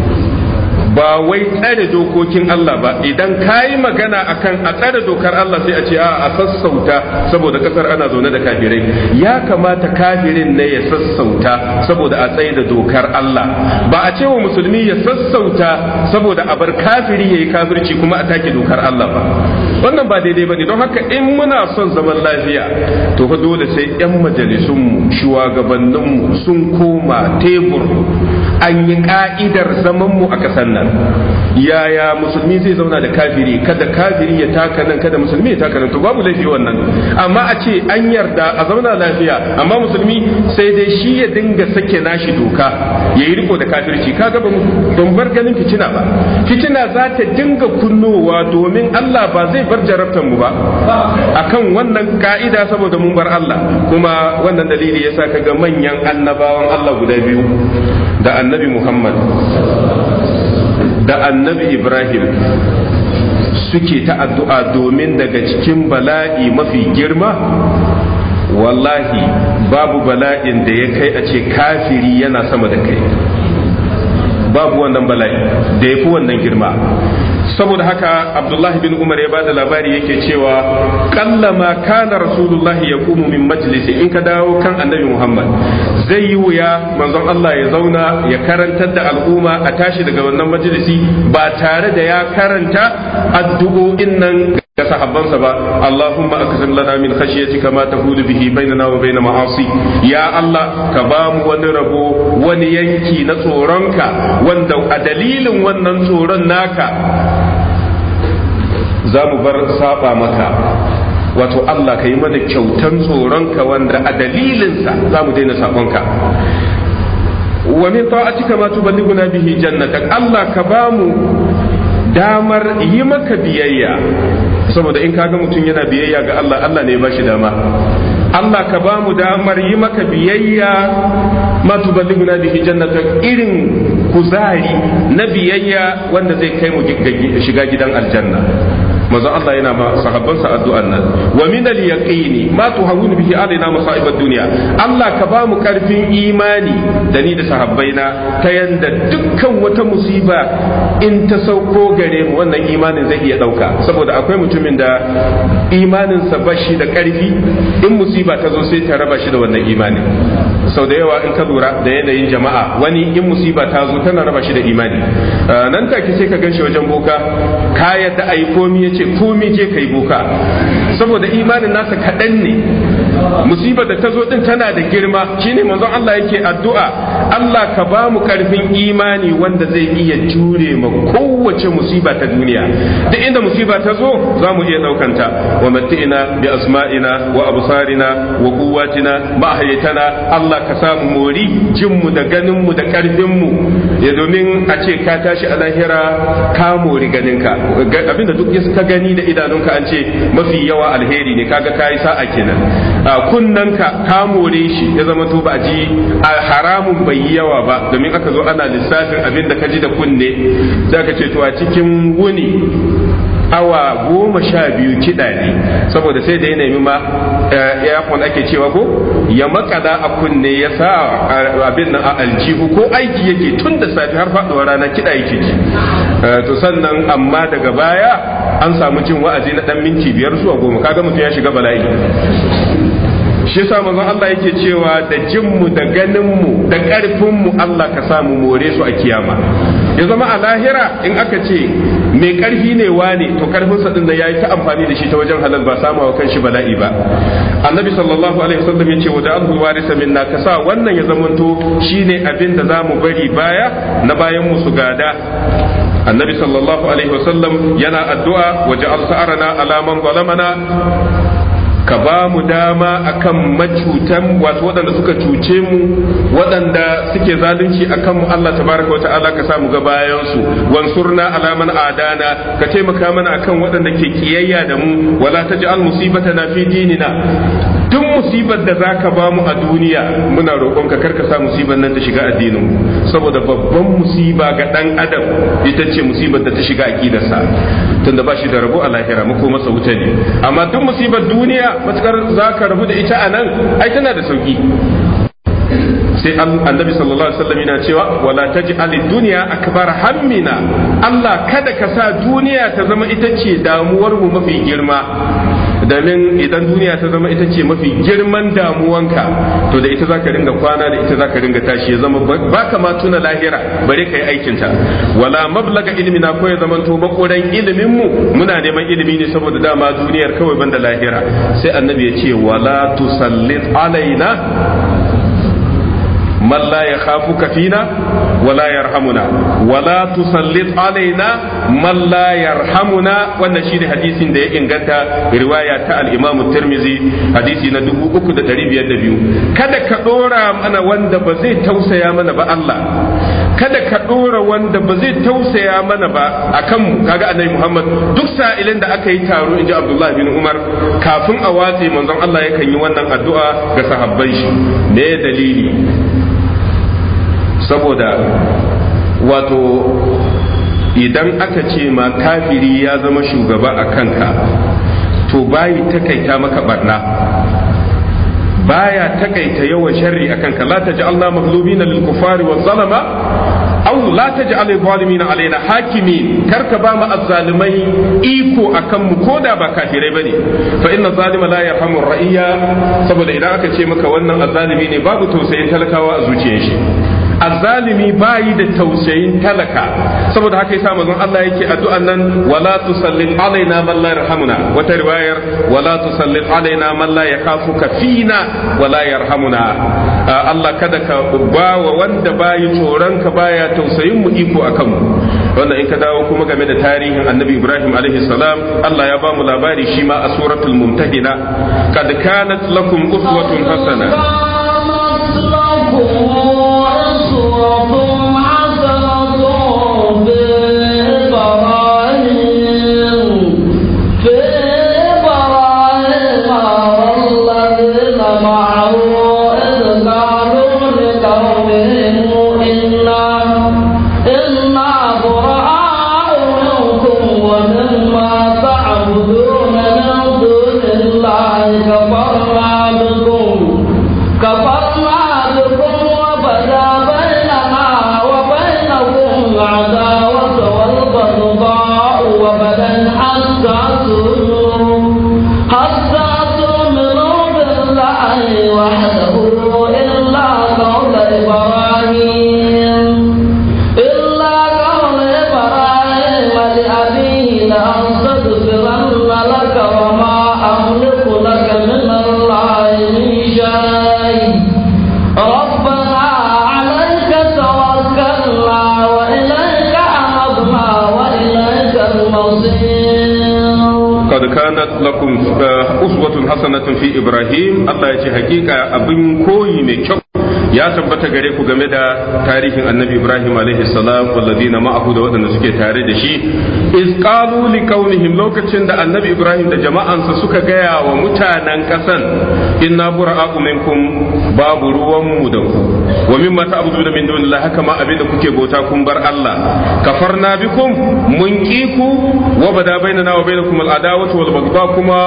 ba wai tsare dokokin Allah ba idan ka yi magana kan a tsare dokar Allah sai a ce a a sassauta saboda kasar ana zaune da kafirai ya kamata kafirin ne ya sassauta saboda a tsaye da dokar Allah ba a ce wa musulmi ya sassauta saboda a bar kafiri ya yi kafirci kuma a take dokar Allah ba wannan ba daidai ba ne don haka in muna son zaman lafiya to fa dole sai 'yan majalisunmu shugabanninmu sun koma tebur an yi ka'idar zaman mu a ƙasar nan yaya musulmi zai zauna da kafiri kada kafiri ya taka nan kada musulmi ya taka nan to babu laifi wannan amma a ce an yarda a zauna lafiya amma musulmi sai dai shi ya dinga sake nashi doka ya yi riko da kafirci kaga don bar ganin fitina ba fitina za ta dinga kunnowa domin Allah ba zai bar jarabtar mu ba akan wannan ka'ida saboda mun bar Allah kuma wannan dalili yasa kaga manyan annabawan Allah guda biyu da annabi Muhammad da annabi ibrahim suke ta addu'a domin daga cikin bala'i mafi girma wallahi babu bala'in da ya kai a ce kafiri yana sama da kai babu wannan bala'i da ya fi wannan girma saboda haka abdullahi bin umar ya bada labari yake cewa kalla ma kana rasulullahi ya kumu min majlisi in ka dawo kan annabi muhammad zai yi wuya manzon allah ya zauna ya karantar da al'umma a tashi daga wannan majalisi ba tare da ya karanta addu'o'in nan ga sahabbansa ba Allahumma akrim lana min khashyatika ma tahulu bihi bainana wa bain ma'asi ya Allah ka ba mu wani rabo wani yanki na tsoronka wanda a dalilin wannan tsoron naka za mu bar saba maka wato Allah ka yi mana kyautan tsoronka wanda a dalilinsa za mu daina sabonka wa min ta'atika ma tuballighuna bihi jannatak Allah ka ba mu damar yi maka biyayya saboda in kaga mutum yana biyayya ga Allah Allah ne ya bashi dama Allah ka ba mu damar yi maka biyayya ma na bihi jannata irin kuzari na biyayya wanda zai kai mu shiga gidan aljanna maza Allah yana ma sahabbansa addu'an nan wa min al yaqini ma tuhawwinu bihi alaina masa'ib ad-dunya Allah ka ba mu karfin imani da ni da sahabbaina ta yanda dukkan wata musiba in ta sauko gare mu wannan imanin zai iya dauka saboda akwai mutumin da imaninsa bashi da karfi in musiba ta zo sai ta raba shi da wannan imanin sau da yawa in ka lura da yanayin jama'a wani in musiba ta zo tana raba shi da imani uh, nan take sai ka gan shi wajen boka ka yadda a yi komi ya ce komi je ka yi boka saboda imanin nasa kaɗan ne musibar da ta zo din tana da girma shine manzon Allah yake addu'a Allah ka ba mu karfin imani wanda zai iya jure ma kowace musiba ta duniya duk inda musiba ta zo za mu iya daukanta wa matina bi asma'ina wa absarina wa quwwatina ba hayatana Allah ka sa mu mori jin mu da ganin mu da karfin mu ya domin a ce ka tashi a lahira ka mori ganinka abinda duk ka gani da idanunka an ce mafi yawa alheri ne kaga kai sa'a kenan kunnan ka ka more shi ya zama to ba ji haramun bai yi yawa ba domin aka zo ana lissafin abin da ka ji da kunne za ka ce to a cikin wuni awa goma sha biyu kiɗa ne saboda sai da ya nemi ma eh, airphone ake cewa ko ya makada a kunne ya sa eh, abin nan a aljihu ko aiki yake tun da safe har faɗuwa rana kiɗa yake ji eh, to sannan amma daga baya an samu jin wa'azi na ɗan minti biyar zuwa goma kaga mutum ya shiga bala'i shi yasa manzon Allah yake cewa da jinmu da ganinmu da ƙarfinmu Allah ka samu more su a kiyama ya zama a lahira in aka ce mai ƙarfi ne wane to sa din da yayi ta amfani da shi ta wajen halal ba samu wa kanshi bala'i ba annabi sallallahu alaihi wasallam ya ce wa da'al warisa minna ka sa wannan ya zamanto shine abin da zamu bari baya na bayan mu su gada annabi sallallahu alaihi wasallam yana addu'a waje al sa'arana ala man zalamana ka ba mu dama akan macutan wasu waɗanda suka cuce mu waɗanda suke zalunci akan mu Allah tabaraka wata'ala ka mu ga bayan su wansurna alaman adana ka taimaka mana akan waɗanda ke kiyayya da mu wala taj'al musibatana fi dinina duk musibar da zaka ba mu a duniya muna kar ka sa musibar nan ta shiga addinin saboda babban musiba ga dan adam ita ce musibar da ta shiga aqidarsa tunda ba shi da rabo a lahira mako masa wuta ne amma duk musibar duniya matukar zaka rabu da ita a nan ai tana da sauki sai annabi sallallahu alaihi wasallam yana cewa wala taj'al dunya akbar hammina Allah kada ka sa duniya ta zama ita ce damuwar mu mafi girma domin idan duniya ta zama ita ce mafi girman damuwanka to da ita zaka ringa kwana da ita zaka ringa tashi ya zama ba ka ma tuna lahira bare kai aikin ta wala mablaga ilmina ko ya zaman to makoran ilimin mu muna neman ilimi ne saboda dama duniyar kawai banda lahira sai annabi ya ce wala tusallit alaina man la khafu kafina. wala yarhamuna wala tusallit alaina man la yarhamuna wannan shine hadisin da ya inganta riwaya ta al-Imam Tirmizi hadisi na 3502 kada ka dora mana wanda ba zai tausaya mana ba Allah kada ka dora wanda ba zai tausaya mana ba akan kaga annabi Muhammad duk sa'ilin da aka yi taro inji Abdullah bin Umar kafin a watse manzon Allah yakan yi wannan addu'a ga sahabbai shi me dalili saboda wato idan aka ce ma kafiri ya zama shugaba a kanka to bayi takaita maka barna baya takaita yawan sharri a kanka la ta ji Allah maglubina lil kufari wa zalama aw la ta ji alai zalimina alaina hakimi karka ba mu azzalimai iko kanmu ko koda ba kafirai bane fa inna zalima la yarhamu ra'iya saboda idan aka ce maka wannan azzalimi ne babu tausayin talakawa a zuciyar shi ba bayi da tausayin talaka saboda haka yasa manzon Allah yake addu'an nan wala tusallin alaina man la yarhamuna wata riwayar wala tusallin alaina man la yakhafuka fina wala yarhamuna Allah kada ka ba wa wanda bayi tsoron ka baya tausayin mu iko akan mu wannan in ka dawo kuma game da tarihin annabi Ibrahim alaihi salam Allah ya ba mu labari shi ma a suratul mumtahina kad kanat lakum uswatun hasana Oh, Allahumma hakika abin tabbata gare ku game da tarihin annabi ibrahim alaihi salam walladina ma'ahu da waɗanda suke tare da shi iz qalu li lokacin da annabi ibrahim da jama'ansa suka gaya wa mutanen kasan inna bura'u minkum babu ruwan mu da ku wa mimma ta'buduna min dunillahi haka ma abin da kuke bauta kun bar Allah kafarna bikum mun ki ku wa bada bainana wa bainakum al'adawatu wal baghdha kuma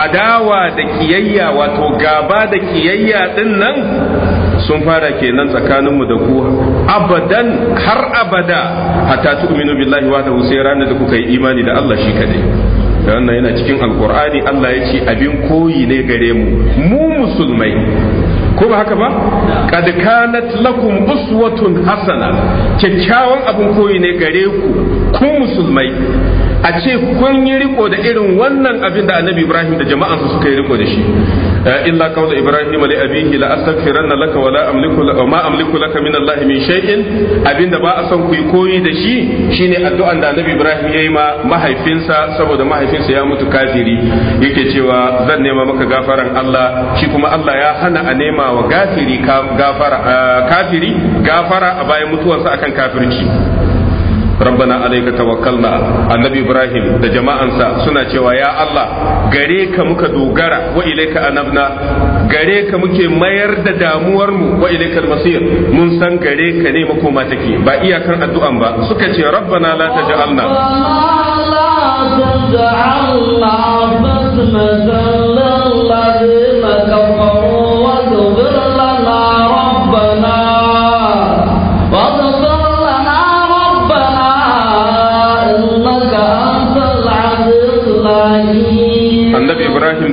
adawa da kiyayya wato gaba da kiyayya din nan sun fara kenan tsakaninmu da ku abadan har abada hatta tu'minu billahi wa sai ranar da kuka yi imani da Allah shi kadai da wannan yana cikin alkur'ani Allah ya ce abin koyi ne gare mu mu musulmai ko ba haka ba kad kanat lakum uswatun hasana kyakkyawan abin koyi ne gare ku ku musulmai a ce kun yi riko da irin wannan abin da annabi ibrahim da jama'ansa suka yi riko da shi illa qawla ibrahim ali abihi la astaghfiranna laka wa la amliku laka ma amliku laka min allahi min shay'in abinda ba a son ku koyi da shi shine addu'an da annabi ibrahim yi ma mahaifinsa saboda mahaifinsa ya mutu kafiri yake cewa zan nema maka gafaran Allah shi kuma Allah ya hana a nema wa kafiri gafara a bayan mutuwarsa akan kafirci rabbana alayka wakalla, annabi ibrahim da jama'ansa suna cewa ya allah gare ka muka dogara wa ilayka anabna gare ka muke mayar da damuwar mu wa ilayka almasir mun san gare ka ne makoma take ba iyakar addu'an ba suka ce rabbana la taj'alna Allah. فتنة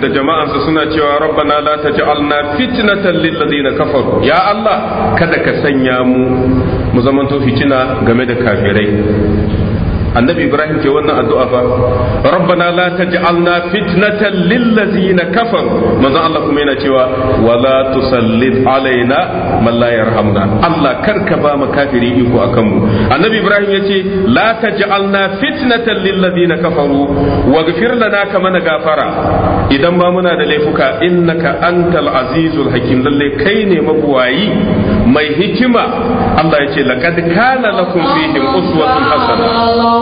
da jama'ansa suna cewa rabbana la taj'alna fitnatan lil ladina kafaru ya Allah kada ka sanya mu mu zamanto fitina game da kafirai annabi ibrahim ke wannan addu'a fa rabbana la taj'alna fitnatan lil ladzina kafar. manzo Allah kuma yana cewa wala tusallit alaina man la yarhamna Allah ka ba mu kafiri iko akan mu annabi ibrahim yace la taj'alna fitnatan lil ladzina kafaru waghfir lana kama na gafara idan ba muna da laifuka innaka antal azizul hakim lalle kai ne mabuwayi mai hikima Allah yace laqad kana lakum fihim uswatun hasana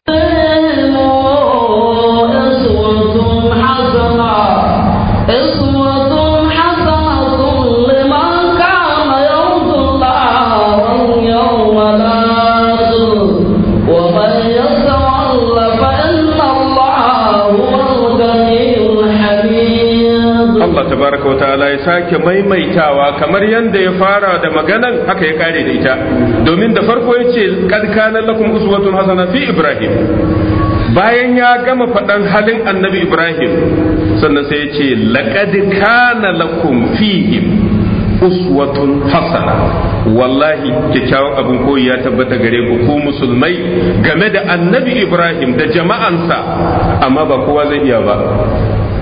sake maimaitawa kamar yadda ya fara da maganan haka ya kare da ita domin da farko ya ce ƙarƙanar lakum uswatun hasana fi ibrahim bayan ya gama faɗan halin annabi ibrahim sannan sai ya ce laƙad kana lakum fihim uswatun hasana wallahi kyakkyawan abin koyi ya tabbata gare ku ko musulmai game da annabi ibrahim da jama'ansa amma ba kowa zai iya ba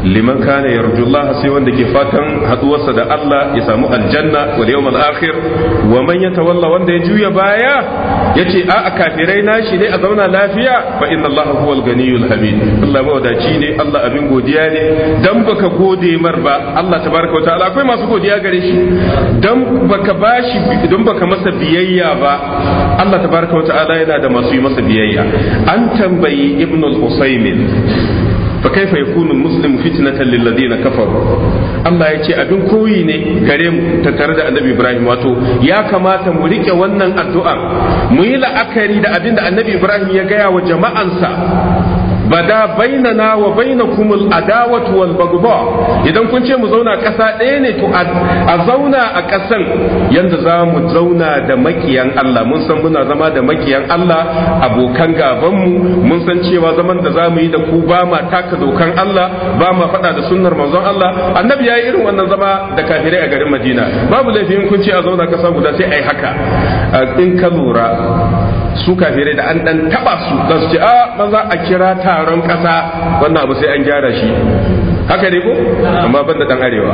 liman kana rujullaha sai wanda ke fatan haduwarsa da Allah ya samu aljanna wa yawmal akhir wa man yatawalla wanda ya juya baya yace a a kafirai shi ne a zauna lafiya fa inna Allah huwal ganiyul hamid Allah ci ne Allah abin godiya ne dan baka gode mar ba Allah tabaraka wa ta'ala akwai masu godiya gare shi dan baka bashi dan baka masa biyayya ba Allah tabaraka wa ta'ala yana da masu yi masa biyayya an tambayi ibnul usaymin fa kaifa yakunu muslimu fitnatan lil ladina kafaru Allah ya ce abin koyi ne gare mu tattare da annabi Ibrahim wato ya kamata mu rike wannan addu'ar. mu yi la'akari da abin da annabi Ibrahim ya gaya wa jama'ansa bada bainana wa bainakumul adawatu wal bagba idan kun ce mu zauna ƙasa ɗaya ne to a zauna a ƙasan yanda za mu zauna da makiyan Allah mun san muna zama da makiyan Allah abokan gaban mu mun san cewa zaman da za mu yi da ku ba ma taka dokan Allah ba ma faɗa da sunnar manzon Allah annabi ya yi irin wannan zama da kafirai a garin Madina babu laifin kun ce a zauna ƙasa guda sai ai haka in ka lura su kafirai da an dan taba su za su ce a ah, maza a kira taron kasa wannan abu sai an gyara shi haka ne ko amma banda dan arewa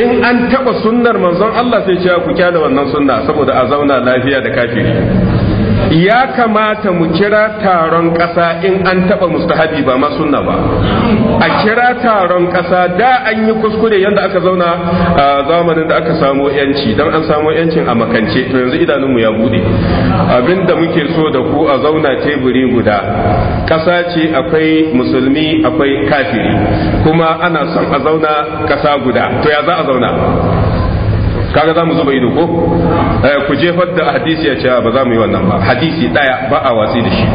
in an taba sunnar manzon Allah sai ce ku kyale wannan sunna saboda a zauna lafiya da kafiri ya kamata mu kira taron ƙasa in an taɓa mustahabi ba ma sunna ba a kira taron ƙasa da an yi kuskure yadda aka zauna a zamanin da aka samo yanci don an samo yancin a makance to yanzu idanunmu ya bude abinda muke so da ku a zauna teburi guda ƙasa ce akwai musulmi akwai kafiri kuma ana son a zauna ƙasa guda to ya za a zauna kaga za mu zuba ido ko eh, ku jefar da hadisi ya ce ah, ba za mu yi wannan ba hadisi daya ba a watsi da shi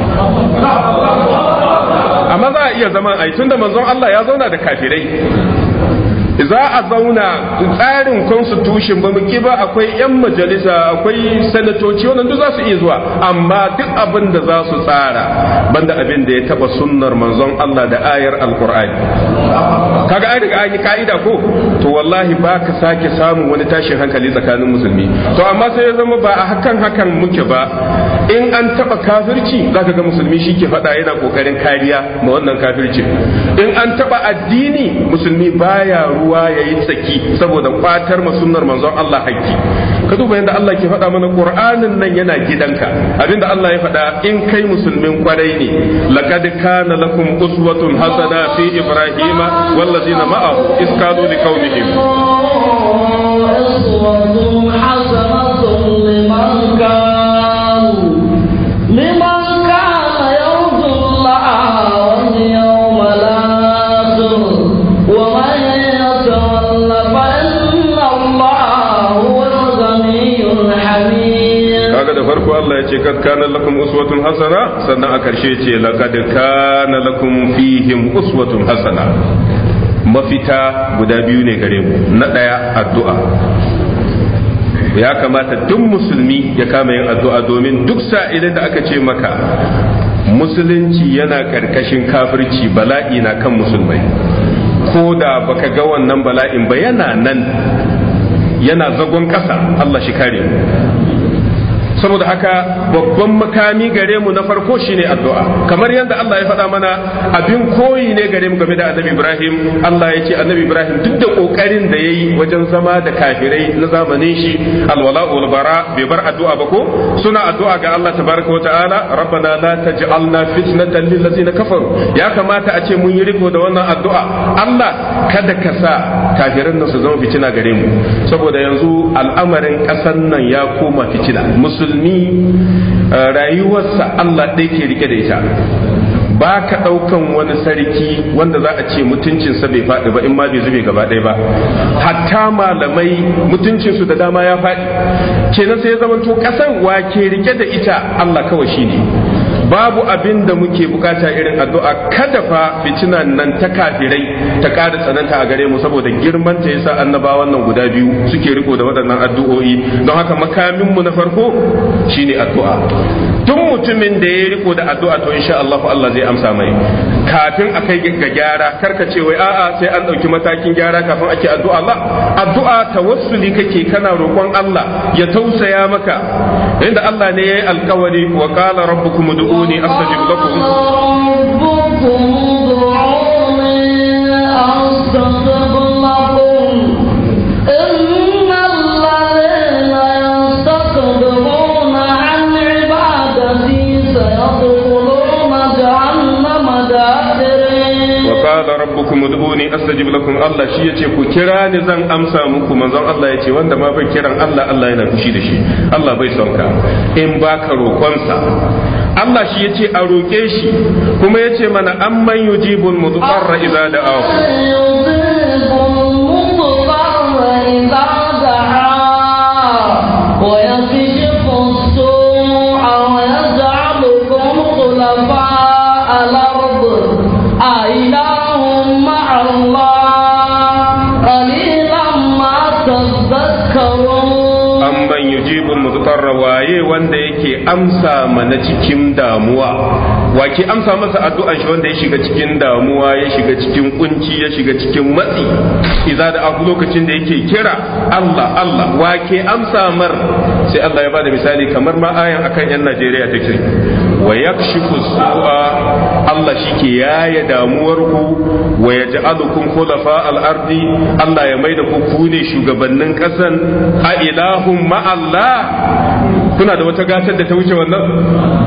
amma za a iya zama ai tunda manzon Allah ya zauna da kafirai za a zauna tsarin constitution ba muke ba akwai 'yan majalisa akwai sanatoci wannan duk za su iya zuwa amma duk abin da za su tsara banda abin da ya taba sunnar manzon Allah da ayar alkur'ani kaga ai daga yi ka'ida ko to wallahi ba ka sake samun wani tashin hankali tsakanin musulmi to amma sai ya zama ba a hakan hakan muke ba in an taba kafirci zaka ga musulmi shi ke faɗa yana kokarin kariya ma wannan kafirci in an taba addini musulmi baya ruwa yayi tsaki saboda kwatar ma sunnar manzon Allah hakki ka duba yadda Allah ke faɗa mana Qur'anin nan yana gidanka abinda Allah ya faɗa in kai musulmin kwarai ne laqad kana lakum uswatun hasana fi ibrahima wallazina ma'ahu iskadu liqaumihim uswatun hasana sannan a karshe ce laqad kana lakum fihim uswatun hasana mafita guda biyu ne gare mu na daya addu'a ya kamata duk musulmi ya kama yin addu'a domin duk sa'idan da aka ce maka musulunci yana karkashin kafirci bala'i na kan musulmai ko da baka ga wannan bala'in ba yana nan yana zagon ƙasa Allah shi kare mu saboda haka babban makami gare mu na farko shine addu'a kamar yadda Allah ya faɗa mana abin koyi ne gare mu game da annabi Ibrahim Allah ya ce annabi Ibrahim duk da kokarin da yayi wajen zama da kafirai na zamanin shi alwala wal bara bai bar addu'a ba ko suna addu'a ga Allah tabaraka wa ta'ala rabbana la taj'alna fitnatan lil ladzina kafaru ya kamata a ce mun yi riko da wannan addu'a Allah kada ka sa kafirin nan su zama fitina gare mu saboda yanzu al'amarin ƙasar nan ya koma fitina musulmi musulmi rayuwarsa Allah ɗaya ke rike da ita ba ka ɗaukan wani sarki wanda za a ce mutuncinsa bai faɗi ba in ma bai zube gaba ɗaya ba hatta malamai mutuncinsu da dama ya faɗi kenan sai ya zama to wa ke rike da ita Allah kawai shi ne babu abin da muke bukata irin addu'a kada fa fitinan nan ta kafirai ta ƙara tsananta a gare mu saboda girman ta yasa annabawan nan guda biyu suke riko da waɗannan addu'o'i don haka makamin mu na farko shine addu'a tun mutumin da ya riko da addu'a to insha Allah Allah zai amsa mai kafin a kai ga gyara karka ce wai a'a sai an ɗauki matakin gyara kafin ake addu'a Allah addu'a tawassuli kake kana roƙon Allah ya tausaya maka inda Allah ne yayi alƙawari wa qala rabbukum ud'uni astajib lakum rabbukum ud'uni astajib lakum ud'uni astajib lakum Allah shi yace ku kira ni zan amsa muku manzon Allah yace wanda ma bai kiran Allah Allah yana kushi da shi Allah bai son ka in baka roƙonsa Allah shi yace a roƙe shi kuma yace mana amman yujibul mudarra idza da'ahu yujibul mudarra idza da'a wa waye wanda yake amsa mana cikin damuwa wake amsa masa addu'an shi wanda ya shiga cikin damuwa ya shiga cikin kunci ya shiga cikin matsi idza da aku lokacin da yake kira Allah Allah wake amsa mar sai Allah ya bada misali kamar ma ayan akan yan Najeriya take wa yakshifu su'a Allah shike yaya damuwar ku wa yaj'alukum khulafa al-ardi Allah ya maida ku ku ne shugabannin kasan a ilahum ma Allah kuna da wata gatar da ta wuce wannan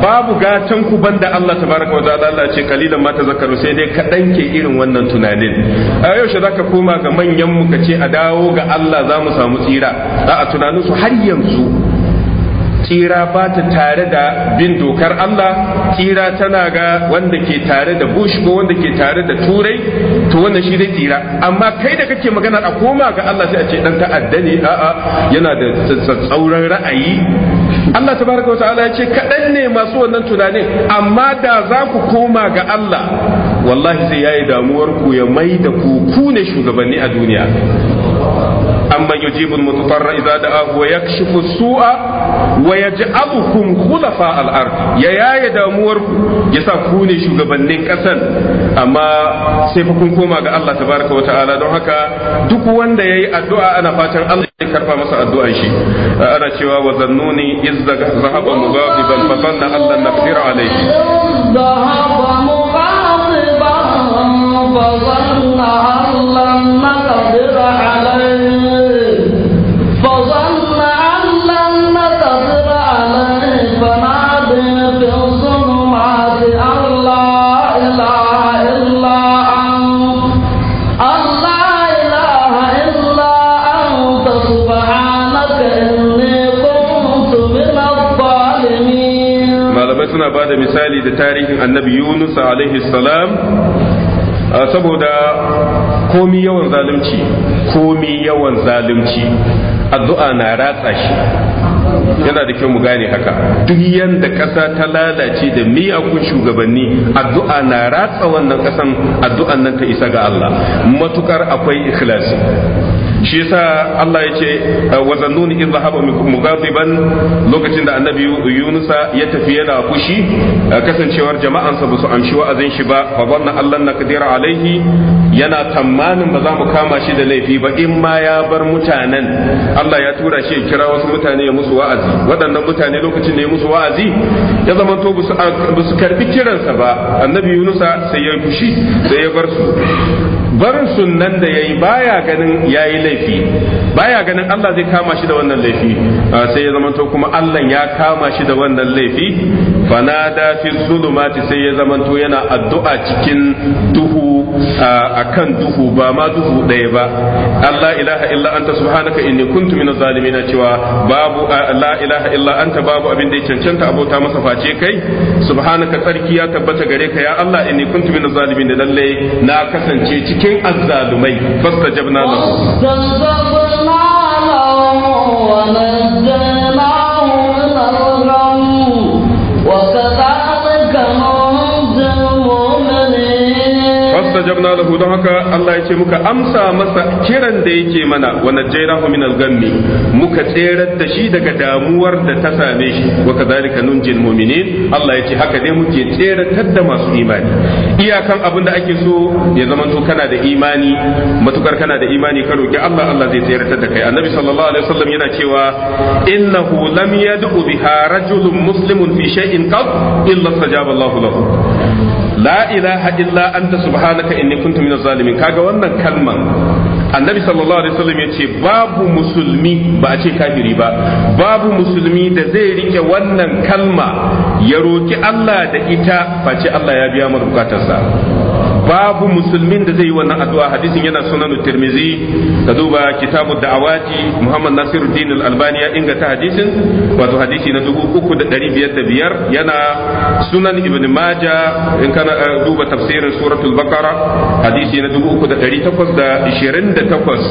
babu gatan ku banda Allah tabaraka wa ta'ala Allah ce kalilan ma zakaru sai dai kadan ke irin wannan tunanin a yau shi zaka koma ga manyan mu kace a dawo ga Allah za mu samu tsira a tunanin su har yanzu tsira ba ta tare da bin dokar Allah tsira tana ga wanda ke tare da Bush ko wanda ke tare da Turai to wannan shi dai tsira amma kai da kake magana a koma ga Allah sai a ce dan ta'adda ne a'a yana da tsatsauran ra'ayi Allah tabaraka wa ta'ala ya ce kaɗan ne masu wannan tunanin amma da za ku koma ga Allah wallahi sai yayi damuwar ku ya mai da ku ku ne shugabanni a duniya amman yujibu al-mutatarra idza da'ahu wa ya as-su'a wa yaj'alukum khulafa hulafa ard ya yaye damuwar ku sa ku ne shugabannin ƙasan? amma sai fa kun koma ga Allah tabaraka wa ta'ala don haka duk wanda yayi addu'a ana fatan Allah ya karfa masa addu'an shi ana cewa wa zannuni izza zahaba mughabiban fa sanna Allah naqdir alayhi وظن أن لم عليه فظن عليه فنادى في الظلمات إله إلا أنت إله إلا أنت سبحانك إني كنت من الظالمين. ما لبثنا بعد مثال لتاريخ النبي يونس عليه السلام Ah, saboda komi yawan zalunci komi yawan zalunci addu'a na ratsa shi yana da kyau mu gane haka duk yanda kasa ta lalace da miyakun shugabanni addu'a na ratsa wannan kasan addu'an nan ta isa ga Allah matukar akwai ikhlasi shi yasa Allah ya ce wa zannuni in zahaba mughadiban lokacin da annabi Yunusa ya tafi yana kushi kasancewar jama'ansa ba su amshi wa'azin shi ba fa zanna Allah na kadira alaihi yana tamanin ba za mu kama shi da laifi ba in ma ya bar mutanen Allah ya tura shi ya kira wasu mutane ya musu wa'azi waɗannan mutane lokacin da ya musu wa'azi ya to ba su karbi kiransa ba annabi yunusa sai ya fushi sai ya bar su barin sunnan da yayi baya ganin yayi laifi baya ganin Allah zai kama shi da wannan laifi ah, sai ya to kuma Allah ya kama shi da wannan laifi fanada fi zulumati sai ya zamanto yana addu'a cikin duhu a kan duhu ba ma duhu ɗaya ba Allah ilaha illa anta subhanaka inni kuntu min zalimin cewa babu la ilaha illa anta babu abin da ya cancanta abota masa face kai subhanaka tsarki ya tabbata gare ka ya Allah inni kuntu min zalimin lalle na kasance cikin azzalumai fastajabna lahu wa najjalnahu min al fastajabna lahu don haka Allah ya ce muka amsa masa kiran da yake mana wa najjaynahu min al-ghammi muka tserar da shi daga damuwar da ta same shi wa kadhalika nunjil mu'minin Allah ya ce haka ne muke tseratar da masu imani iyakan abin da ake so ya zamanto kana da imani matukar kana da imani ka roki Allah Allah zai tseratar da kai annabi sallallahu alaihi wasallam yana cewa innahu lam yad'u biha rajulun muslimun fi shay'in qad illa sajaba Allah lahu la ilaha illa anta subhanaka inni kuntu minaz zalimin kaga wannan kalman annabi sallallahu alaihi wasallam yace babu musulmi ba a ce kafiri ba babu musulmi da zai rike wannan kalma ya roki Allah da ita face Allah ya biya mar bukatarsa babu musulmin da zai yi wannan addu'a hadisin yana sunan tirmizi ka duba kitabu da'awati muhammad nasiruddin al-albani ya inganta hadisin wato hadisi na biyar yana sunan ibn maja in kana eh, duba tafsirin suratul baqara hadisi na takwas.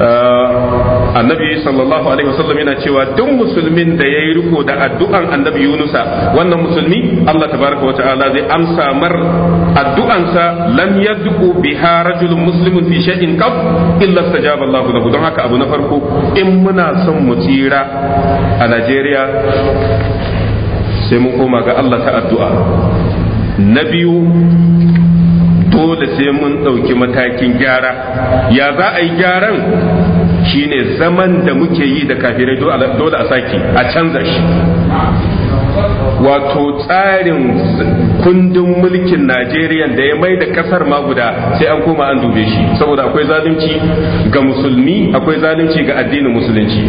Eh, annabi sallallahu alaihi wasallam yana cewa duk musulmin da yayi riko da addu'an annabi yunusa wannan musulmi Allah tabaraka wataala zai amsa mar addu'ansa lam yadku biha rajulun muslimun fi shay'in qab illa stajaba Allah lahu don haka abu na farko in muna son mu tsira a Najeriya sai mun koma ga Allah ta addu'a na biyu dole sai mun ɗauki matakin gyara ya za a yi gyaran shine zaman da muke yi da kafirai dole a saki a canza shi wato tsarin kundin mulkin Najeriya da ya mai da kasar ma guda sai an koma an dube shi saboda akwai zalunci ga musulmi akwai zalunci ga addinin musulunci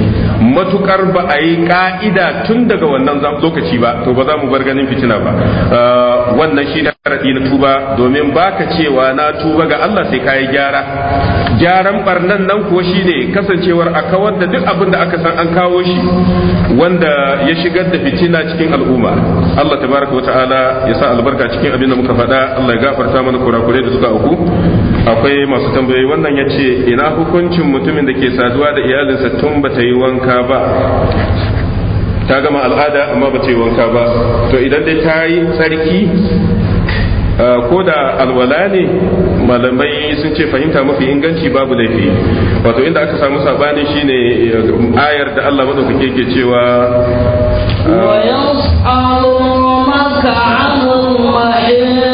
matukar ba a yi ka'ida tun daga wannan lokaci ba to ba za mu bar ganin fitina ba uh, wannan shi ne na tuba domin baka cewa na tuba ga Allah sai kai gyara gyaran barnan nan kuwa ne kasancewar a kawar da duk abin da aka san an kawo shi wanda ya shigar da fitina cikin al'umma Allah tabaraka wata'ala ya sa albarka cikin abin da muka faɗa Allah ya gafarta mana kurakurai da suka uku. akwai masu tambayoyi wannan ya ce ina hukuncin mutumin da ke saduwa da iyalinsa tun ba ta yi wanka ba ta gama al'ada amma ba ta yi wanka ba to idan dai ta yi tsarki ko da alwala ne malamai sun ce fahimta mafi inganci babu laifi wato inda aka samu sabani shine ayar da Allah madaukake ke cewa ويصأل مكعب محيط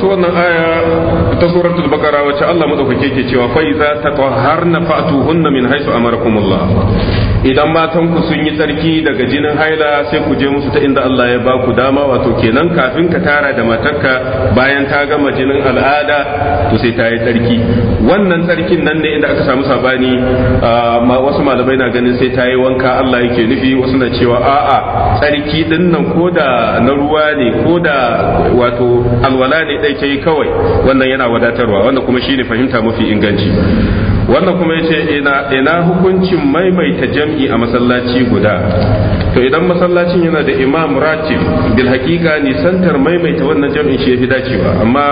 说能。ta suratul bakara wacce Allah madaukake ke cewa fa iza tatahharna fa'tuhunna min haythu amarakumullah idan matan ku sun yi tsarki daga jinin haila sai ku je musu ta inda Allah ya ba ku dama wato kenan kafin ka tara da matarka bayan ta gama jinin al'ada to sai ta yi tsarki wannan tsarkin nan ne inda aka samu sabani wasu malamai na ganin sai ta yi wanka Allah yake nufi wasu na cewa a'a tsarki din nan koda na ruwa ne koda wato alwala ne dai ta yi kawai wannan yana wadatarwa wanda kuma shine fahimta mafi inganci wannan kuma yace ina ina hukuncin maimaita jam'i a masallaci guda to idan masallacin yana da imam ratib bil hakika nisantar maimaita wannan jam'in shi yafi dacewa amma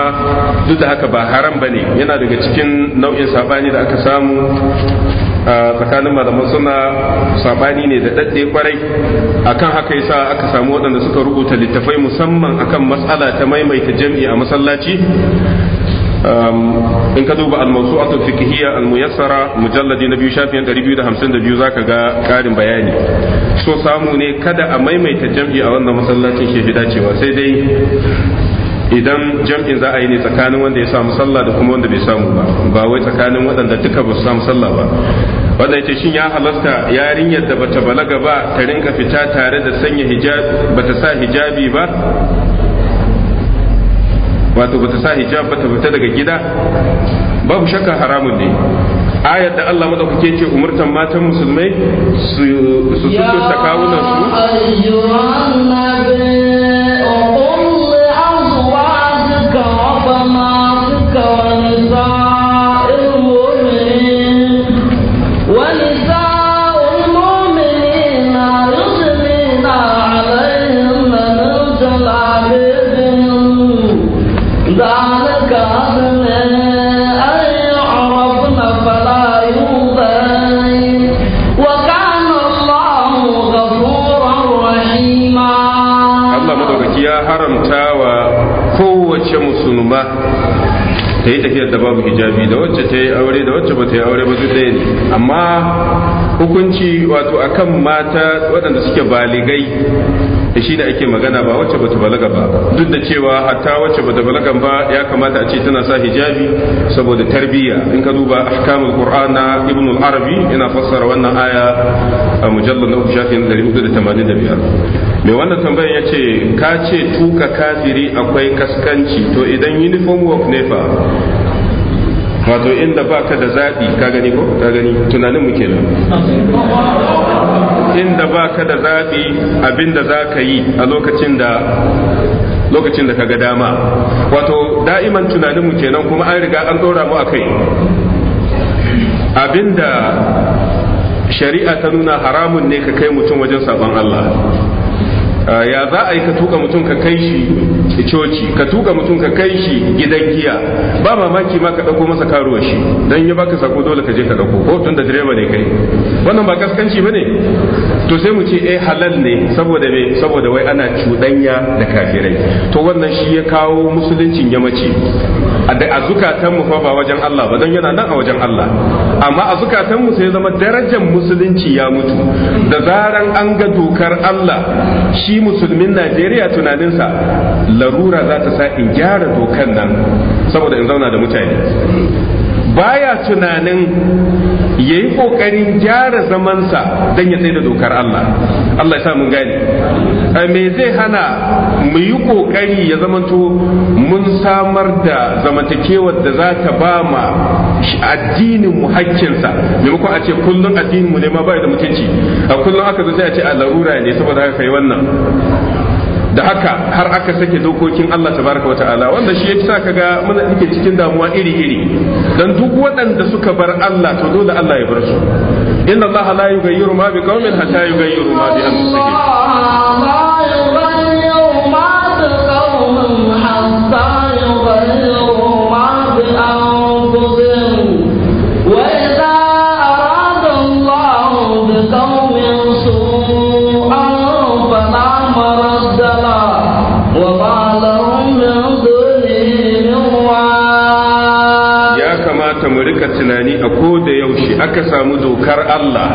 duk da haka ba haram ba ne yana daga cikin nau'in sabani da aka samu tsakanin malaman suna sabani ne da daɗe kwarai akan haka yasa aka samu waɗanda suka rubuta littafai musamman akan matsala ta maimaita jam'i a masallaci Um, in ka duba al-mawsu'atu fiqhiyya al-muyassara mujalladi na biyu shafin 252 zaka ga karin bayani so samu ne kada a maimaita jam'i a wannan masallacin shi dacewa sai dai idan jam'in za a yi ne tsakanin wanda ya samu sallah da kuma wanda bai samu ba ba wai tsakanin waɗanda duka ba su samu sallah ba wanda yace shin ya halasta yarinyar da bata balaga ba ta rinka fita tare da sanya hijabi bata sa hijabi ba wato bata sa hijab bata fita daga gida babu shakka haramun ne ayar da Allah madaukake ce umurtan matan musulmai su su su kawunan su da babu hijabi da wacce ta yi aure da wacce ba ta yi aure ba duk ɗaya ne amma hukunci wato akan mata waɗanda suke baligai da shi da ake magana ba wacce bata balaga ba duk da cewa hatta wacce bata balaga ba ya kamata a ce tana sa hijabi saboda tarbiyya in ka duba ahkamul qur'ana na ibn al-arabi yana fassara wannan aya a mujallar na shafin biyar. mai wannan tambayar ya ce ka ce tuka kafiri akwai kaskanci to idan uniform work ne fa wato inda baka da zaɓi ka gani ko ka gani tunanin mu kenan inda baka da zaɓi abinda za ka yi a lokacin da lokacin da ka ga dama wato da'iman tunanin mu kenan kuma an riga an ɗora mu a kai abinda shari'a ta nuna haramun ne ka kai mutum wajen sabon Allah Ah, ya za a yi ka tuka mutum ka kai shi coci ka tuka mutum ka kai shi gidan giya ba mamaki ma ka ɗauko masa karuwa shi don ya baka sako dole ka je ka ɗauko ko tun da direba ne kai wannan ba kaskanci ba ne to sai mu ce eh halal ne saboda me saboda wai ana cuɗanya da kafirai to wannan shi ya kawo musuluncin yamaci a mu fa ba wajen Allah ba don yana nan a wajen Allah amma a mu sai zama darajar musulunci ya mutu da zaran an ga dokar Allah shi musulmin najeriya tunaninsa larura za ta sa in gyara dokan nan saboda in zauna da mutane baya tunanin ya yi ƙoƙarin gyara zamansa don ya tsaye da dokar Allah Allah ya sa mun gane eh, me zai hana mu yi ƙoƙari ya zamanto mun samar da zamantakewar da za ta ba ma addinin mu me maimakon a ce kullum addinin mu ne ma bai da mutunci a kullum aka zo sai a ce a larura ne saboda haka kai wannan da haka har aka sake dokokin Allah tabaraka wata'ala wanda shi yake sa kaga muna nake cikin damuwa iri-iri dan duk waɗanda suka bar Allah to dole Allah ya bar su inna Allah la yughayyiru ma biqaumin hatta yughayyiru ma bi anfusihim aka samu dokar Allah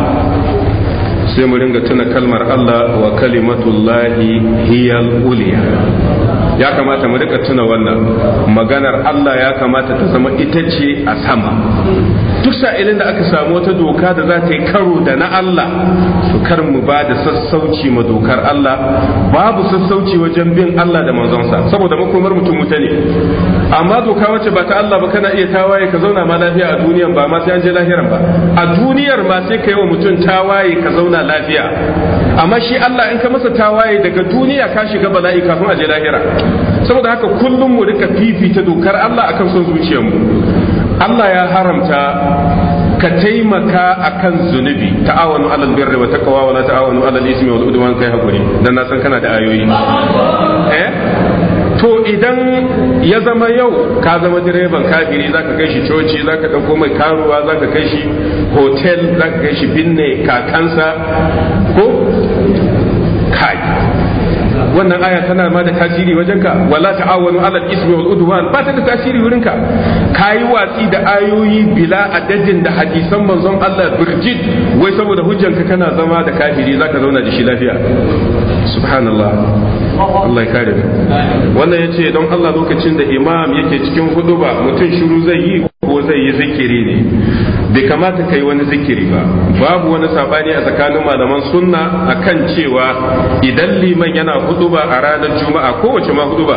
sai mu ringa tuna kalmar Allah wa kalimatullahi hiyal uliya ya kamata mu rika tuna wannan maganar Allah ya kamata ta zama ita ce a sama duk sa'ilin da aka samu wata doka da za ta yi karo da na Allah to kar mu ba da sassauci ma dokar Allah babu sassauci wajen bin Allah da manzonsa saboda makomar mutum wuta ne amma doka wacce ba ta Allah ba kana iya tawaye ka zauna ma lafiya a duniya ba ma sai an je lahiran ba a duniyar ma sai ka yi wa mutum tawaye ka zauna lafiya amma shi Allah in ka masa tawaye daga duniya ka shiga bala'i kafin a je lahira saboda haka kullum mu rika fifita dokar Allah akan son mu Allah ya haramta ka taimaka akan zunubi ta'awanu alal birri wa taqwa wa la ta'awanu alal ismi wal udwan kai hakuri dan na san kana da ayoyi eh to idan ya zama yau ka zama direban kafiri zaka kai shi coci zaka dauko mai karuwa zaka kai shi hotel zaka kai shi binne kakansa ko kai wannan aya tana ma da tasiri wajenka wala ta'awanu ala al-ismi wal udwan ba ta da tasiri wurinka kayi watsi da ayoyi bila adadin da hadisan manzon Allah birjit wai saboda hujjanka kana zama da kafiri zaka zauna da shi lafiya subhanallah Allah ya kare wannan yace don Allah lokacin da imam yake cikin huduba mutum shiru zai yi ko zai yi zikiri ne bai kamata yi wani zikiri ba babu wani sabani a tsakanin malaman sunna akan cewa idan liman yana huduba a ranar juma'a kowace ma huduba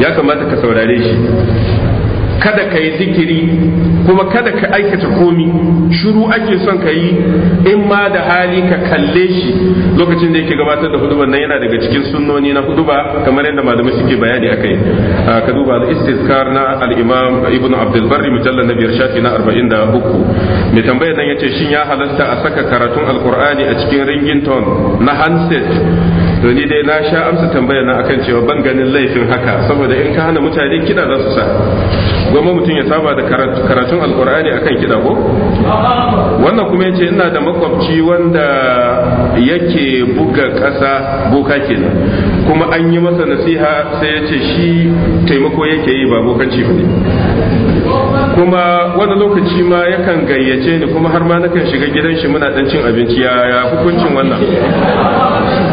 ya kamata ka saurare shi kada ka yi zikiri kuma kada ka aikata komi shuru ake son ka yi in ma da hali ka kalle shi lokacin da yake gabatar da hudubar nan yana daga cikin sunnoni na huduba kamar yadda malamai suke bayani a kai ka duba da istiskar na alimam imam ibn abdul mujallar na biyar shafi na arba'in da 43 mai tambayar nan ya ce shin ya halarta a saka karatun alkur'ani a cikin ringington na hanset? to dai na sha amsa tambaya na akan cewa ban ganin laifin haka saboda in ka hana mutane kiɗa za su sa goma mutum ya saba da karatun alkur'ani akan kiɗa ko wannan kuma yace ina da makwabci wanda yake buga ƙasa boka kenan kuma an yi masa nasiha sai ya ce shi taimako yake yi ba bokanci ba ne kuma wani lokaci ma yakan gayyace ni kuma har ma nakan shiga gidan shi muna dan cin abinci ya hukuncin wannan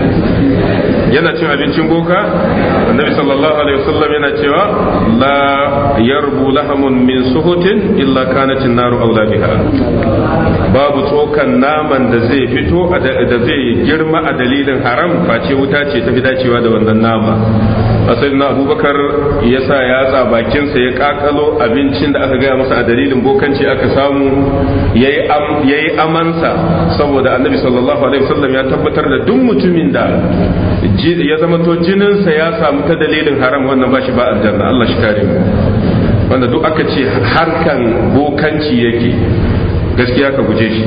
yana cin abincin boka annabi sallallahu alaihi wasallam yana cewa la yarbu lahamun min suhutin illa kanat an-naru awla biha babu tsokan naman da zai fito da zai girma a dalilin haram face wuta ce ta fi dacewa da wannan nama asali na abubakar ya sa yatsa bakinsa ya kakalo abincin da aka gaya masa a dalilin bokanci aka samu ya yi amansa saboda annabi sallallahu alaihi wasallam ya tabbatar da duk mutumin da ya zama to jininsa ya samu ta dalilin haram wannan ba shi ba aljanna Allah shi kare mu wanda duk aka ce harkan bokanci yake gaskiya ka guje shi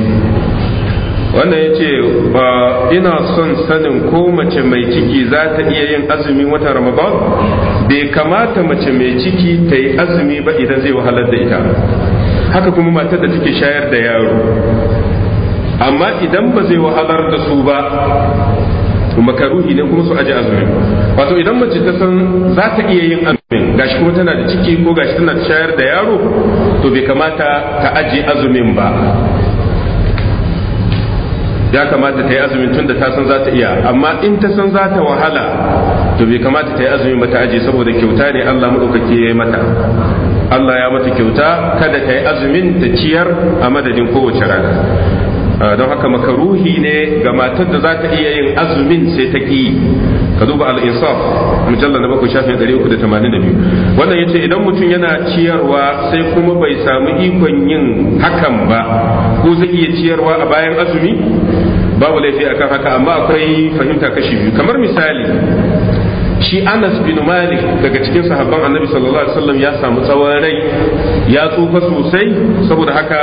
wannan ya ce ba ina son sanin ko mace mai ciki za ta iya yin azumi wata ramadan bai kamata mace mai ciki ta yi azumi ba idan zai wahalar da ita haka kuma matar da take shayar da yaro amma idan ba zai wahalar da su ba kuma karuhi ne kuma su aji azumin wato idan mace ta san za ta iya yin azumin gashi kuma tana da ciki ko gashi tana shayar da yaro to bai kamata ta aji azumin ba ya kamata ta yi azumin tun da ta san za ta iya amma in ta san za ta wahala to bai kamata ta yi azumin ba ta aji saboda kyauta ne Allah maɗaukaki ya yi mata Allah ya mata kyauta kada ta yi azumin ta ciyar a madadin kowace rana Ah, don haka makaruhi ne ga matar da za ta iya yin azumin sai ta ki ka duba al'insaf mujallar na bakwai shafin 382 wannan ya ce idan mutum yana ciyarwa sai kuma bai samu ikon yin hakan ba ko zai iya ciyarwa a bayan azumi babu laifi akan haka amma akwai fahimta kashi biyu kamar misali shi Anas bin Malik daga cikin sahabban Annabi sallallahu alaihi wasallam ya samu tsawon rai ya tsufa sosai saboda haka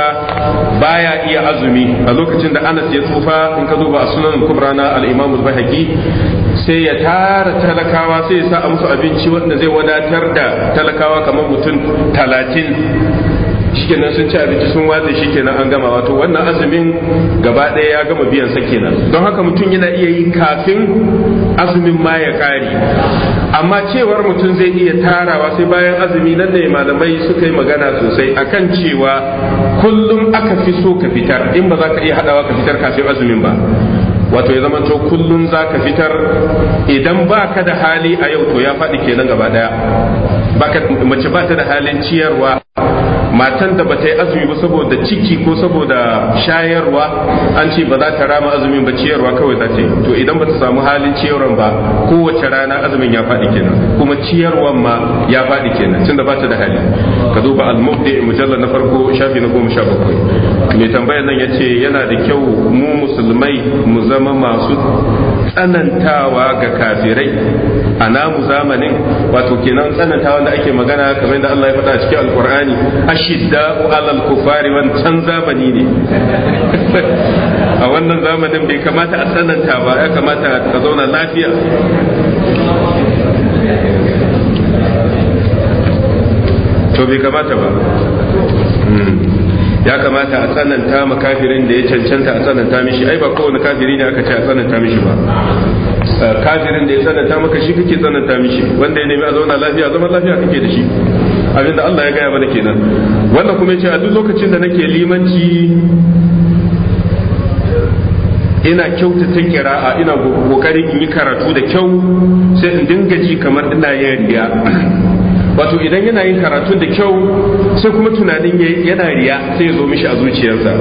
baya iya azumi a lokacin da Anas ya tsufa in ka duba a sunan kubra na al-Imam al sai ya tara talakawa sai ya sa musu abinci wanda zai wadatar da talakawa kamar mutum talatin shikenan sun ci abinci sun watse kenan an gama wato wannan azumin gaba ɗaya ya gama biyan sa kenan don haka mutum yana iya yi kafin azumin ma ya kare amma cewar mutum zai iya tarawa sai bayan azumi nan ne malamai suka yi magana sosai akan cewa kullum aka fi so ka fitar in ba za ka iya haɗawa ka fitar kafin azumin ba wato ya zama to kullum za ka fitar idan ba ka da hali a yau to ya faɗi kenan gaba ɗaya mace ba ta da halin ciyarwa matan da ta yi azumi ba saboda ciki ko saboda shayarwa an ce ba za ta rama azumin ba ciyarwa kawai za ta yi to idan ba ta samu halin ciyarwan ba kowace rana azumin ya faɗi kenan kuma ciyarwan ma ya faɗi kenan tunda ta da hali ka duba al-mubdi mujallal na farko shafi na goma sha bakwai mai tambayar nan yace yana da kyau mu musulmai mu zama masu tsanantawa ga kafirai a namu zamanin wato kenan tsanantawa da ake magana kamar da Allah ya faɗa a cikin Al-Qur'ani. ashidda'u alal kufari wancan zamani ne a wannan zamanin bai kamata a sananta ba ya kamata ka zauna lafiya to bai kamata ba hmm. ya kamata a tsananta ma kafirin da ya cancanta a tsananta mishi ai ba kowane kafiri ne aka ce a tsananta mishi ba eh, kafirin da ya tsananta maka shi kake tsananta mishi wanda ya nemi a zauna lafiya zama lafiya kake da shi abinda Allah ya gaya mana kenan wannan kuma yace a duk lokacin da nake limanci ina kyautata kira'a ina kokarin in yi karatu da kyau sai in dinga ji kamar ina yin riya wato idan yana yin karatun da kyau sai kuma tunanin yana riya sai ya zo mishi a zuciyarsa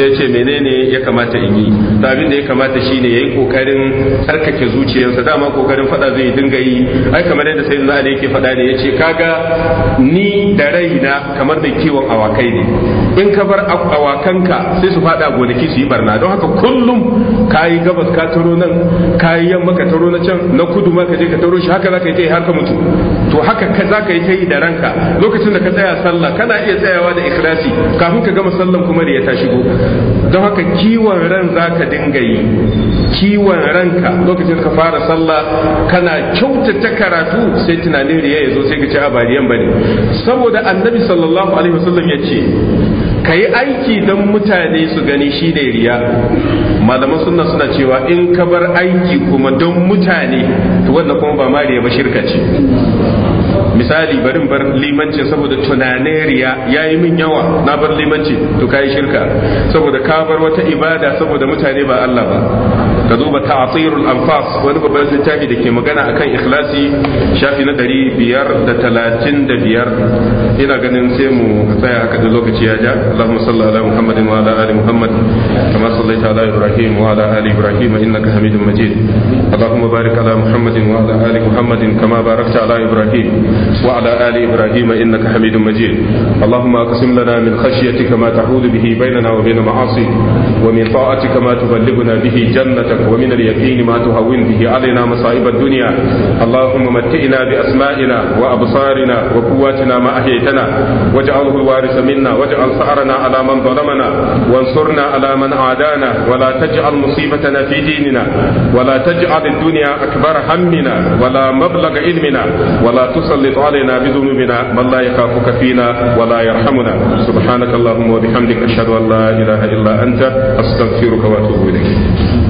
ya ce menene ya kamata in yi abin da ya kamata shi ne ya yi kokarin tsarkake zuciyarsa dama kokarin fada zai dinga yi ai kamar yadda sayyidina ali yake fada ne yace kaga ni da rai na kamar da kiwon awakai ne in ka bar awakanka sai su fada gonaki su yi barna don haka kullum ka yi gabas ka taro nan ka yi yamma ka taro na can na kudu ma ka je ka taro shi haka za ka yi ta har ka mutu to haka ka ka yi ta yi da ranka lokacin da ka tsaya sallah kana iya tsayawa da ikhlasi kafin ka gama sallan kuma da ya ta shigo don haka kiwon ran za ka dinga yi kiwon ranka lokacin da ka fara sallah kana kyautata karatu sai tunanin riya ya zo sai ka ci a bariyan bane saboda annabi sallallahu alaihi wasallam ya ce ka yi aiki don mutane su gani shi ne riya malaman sunna suna cewa in ka bar aiki kuma don mutane to wannan kuma ba mariya ba shirka ce misali barin bar limanci saboda tunanin riya min yawa na bar limanci to kai shirka saboda ka bar wata ibada saboda mutane ba Allah ba ka duba ta'atirul anfas wani babban littafi da ke magana akan ikhlasi shafi na ɗari biyar da talatin da biyar ina ganin sai mu tsaya haka da lokaci ya ja ala Muhammadin wa ala ali Muhammad kama ala Ibrahim wa ala ali Ibrahim Majid Allahumma barik ala Muhammadin wa ala ali Muhammadin kama barakta ala Ibrahim وعلى آل إبراهيم إنك حميد مجيد اللهم أقسم لنا من خشيتك ما تحول به بيننا وبين معاصيك ومن طاعتك ما تبلغنا به جنتك ومن اليقين ما تهون به علينا مصائب الدنيا اللهم متئنا بأسمائنا وأبصارنا وقواتنا ما أحييتنا واجعله الوارث منا واجعل ثأرنا على من ظلمنا وانصرنا على من عادانا ولا تجعل مصيبتنا في ديننا ولا تجعل الدنيا أكبر همنا ولا مبلغ علمنا ولا تسلط يسلط علينا بذنوبنا من لا يخافك فينا ولا يرحمنا سبحانك اللهم وبحمدك أشهد أن لا إله إلا أنت أستغفرك وأتوب إليك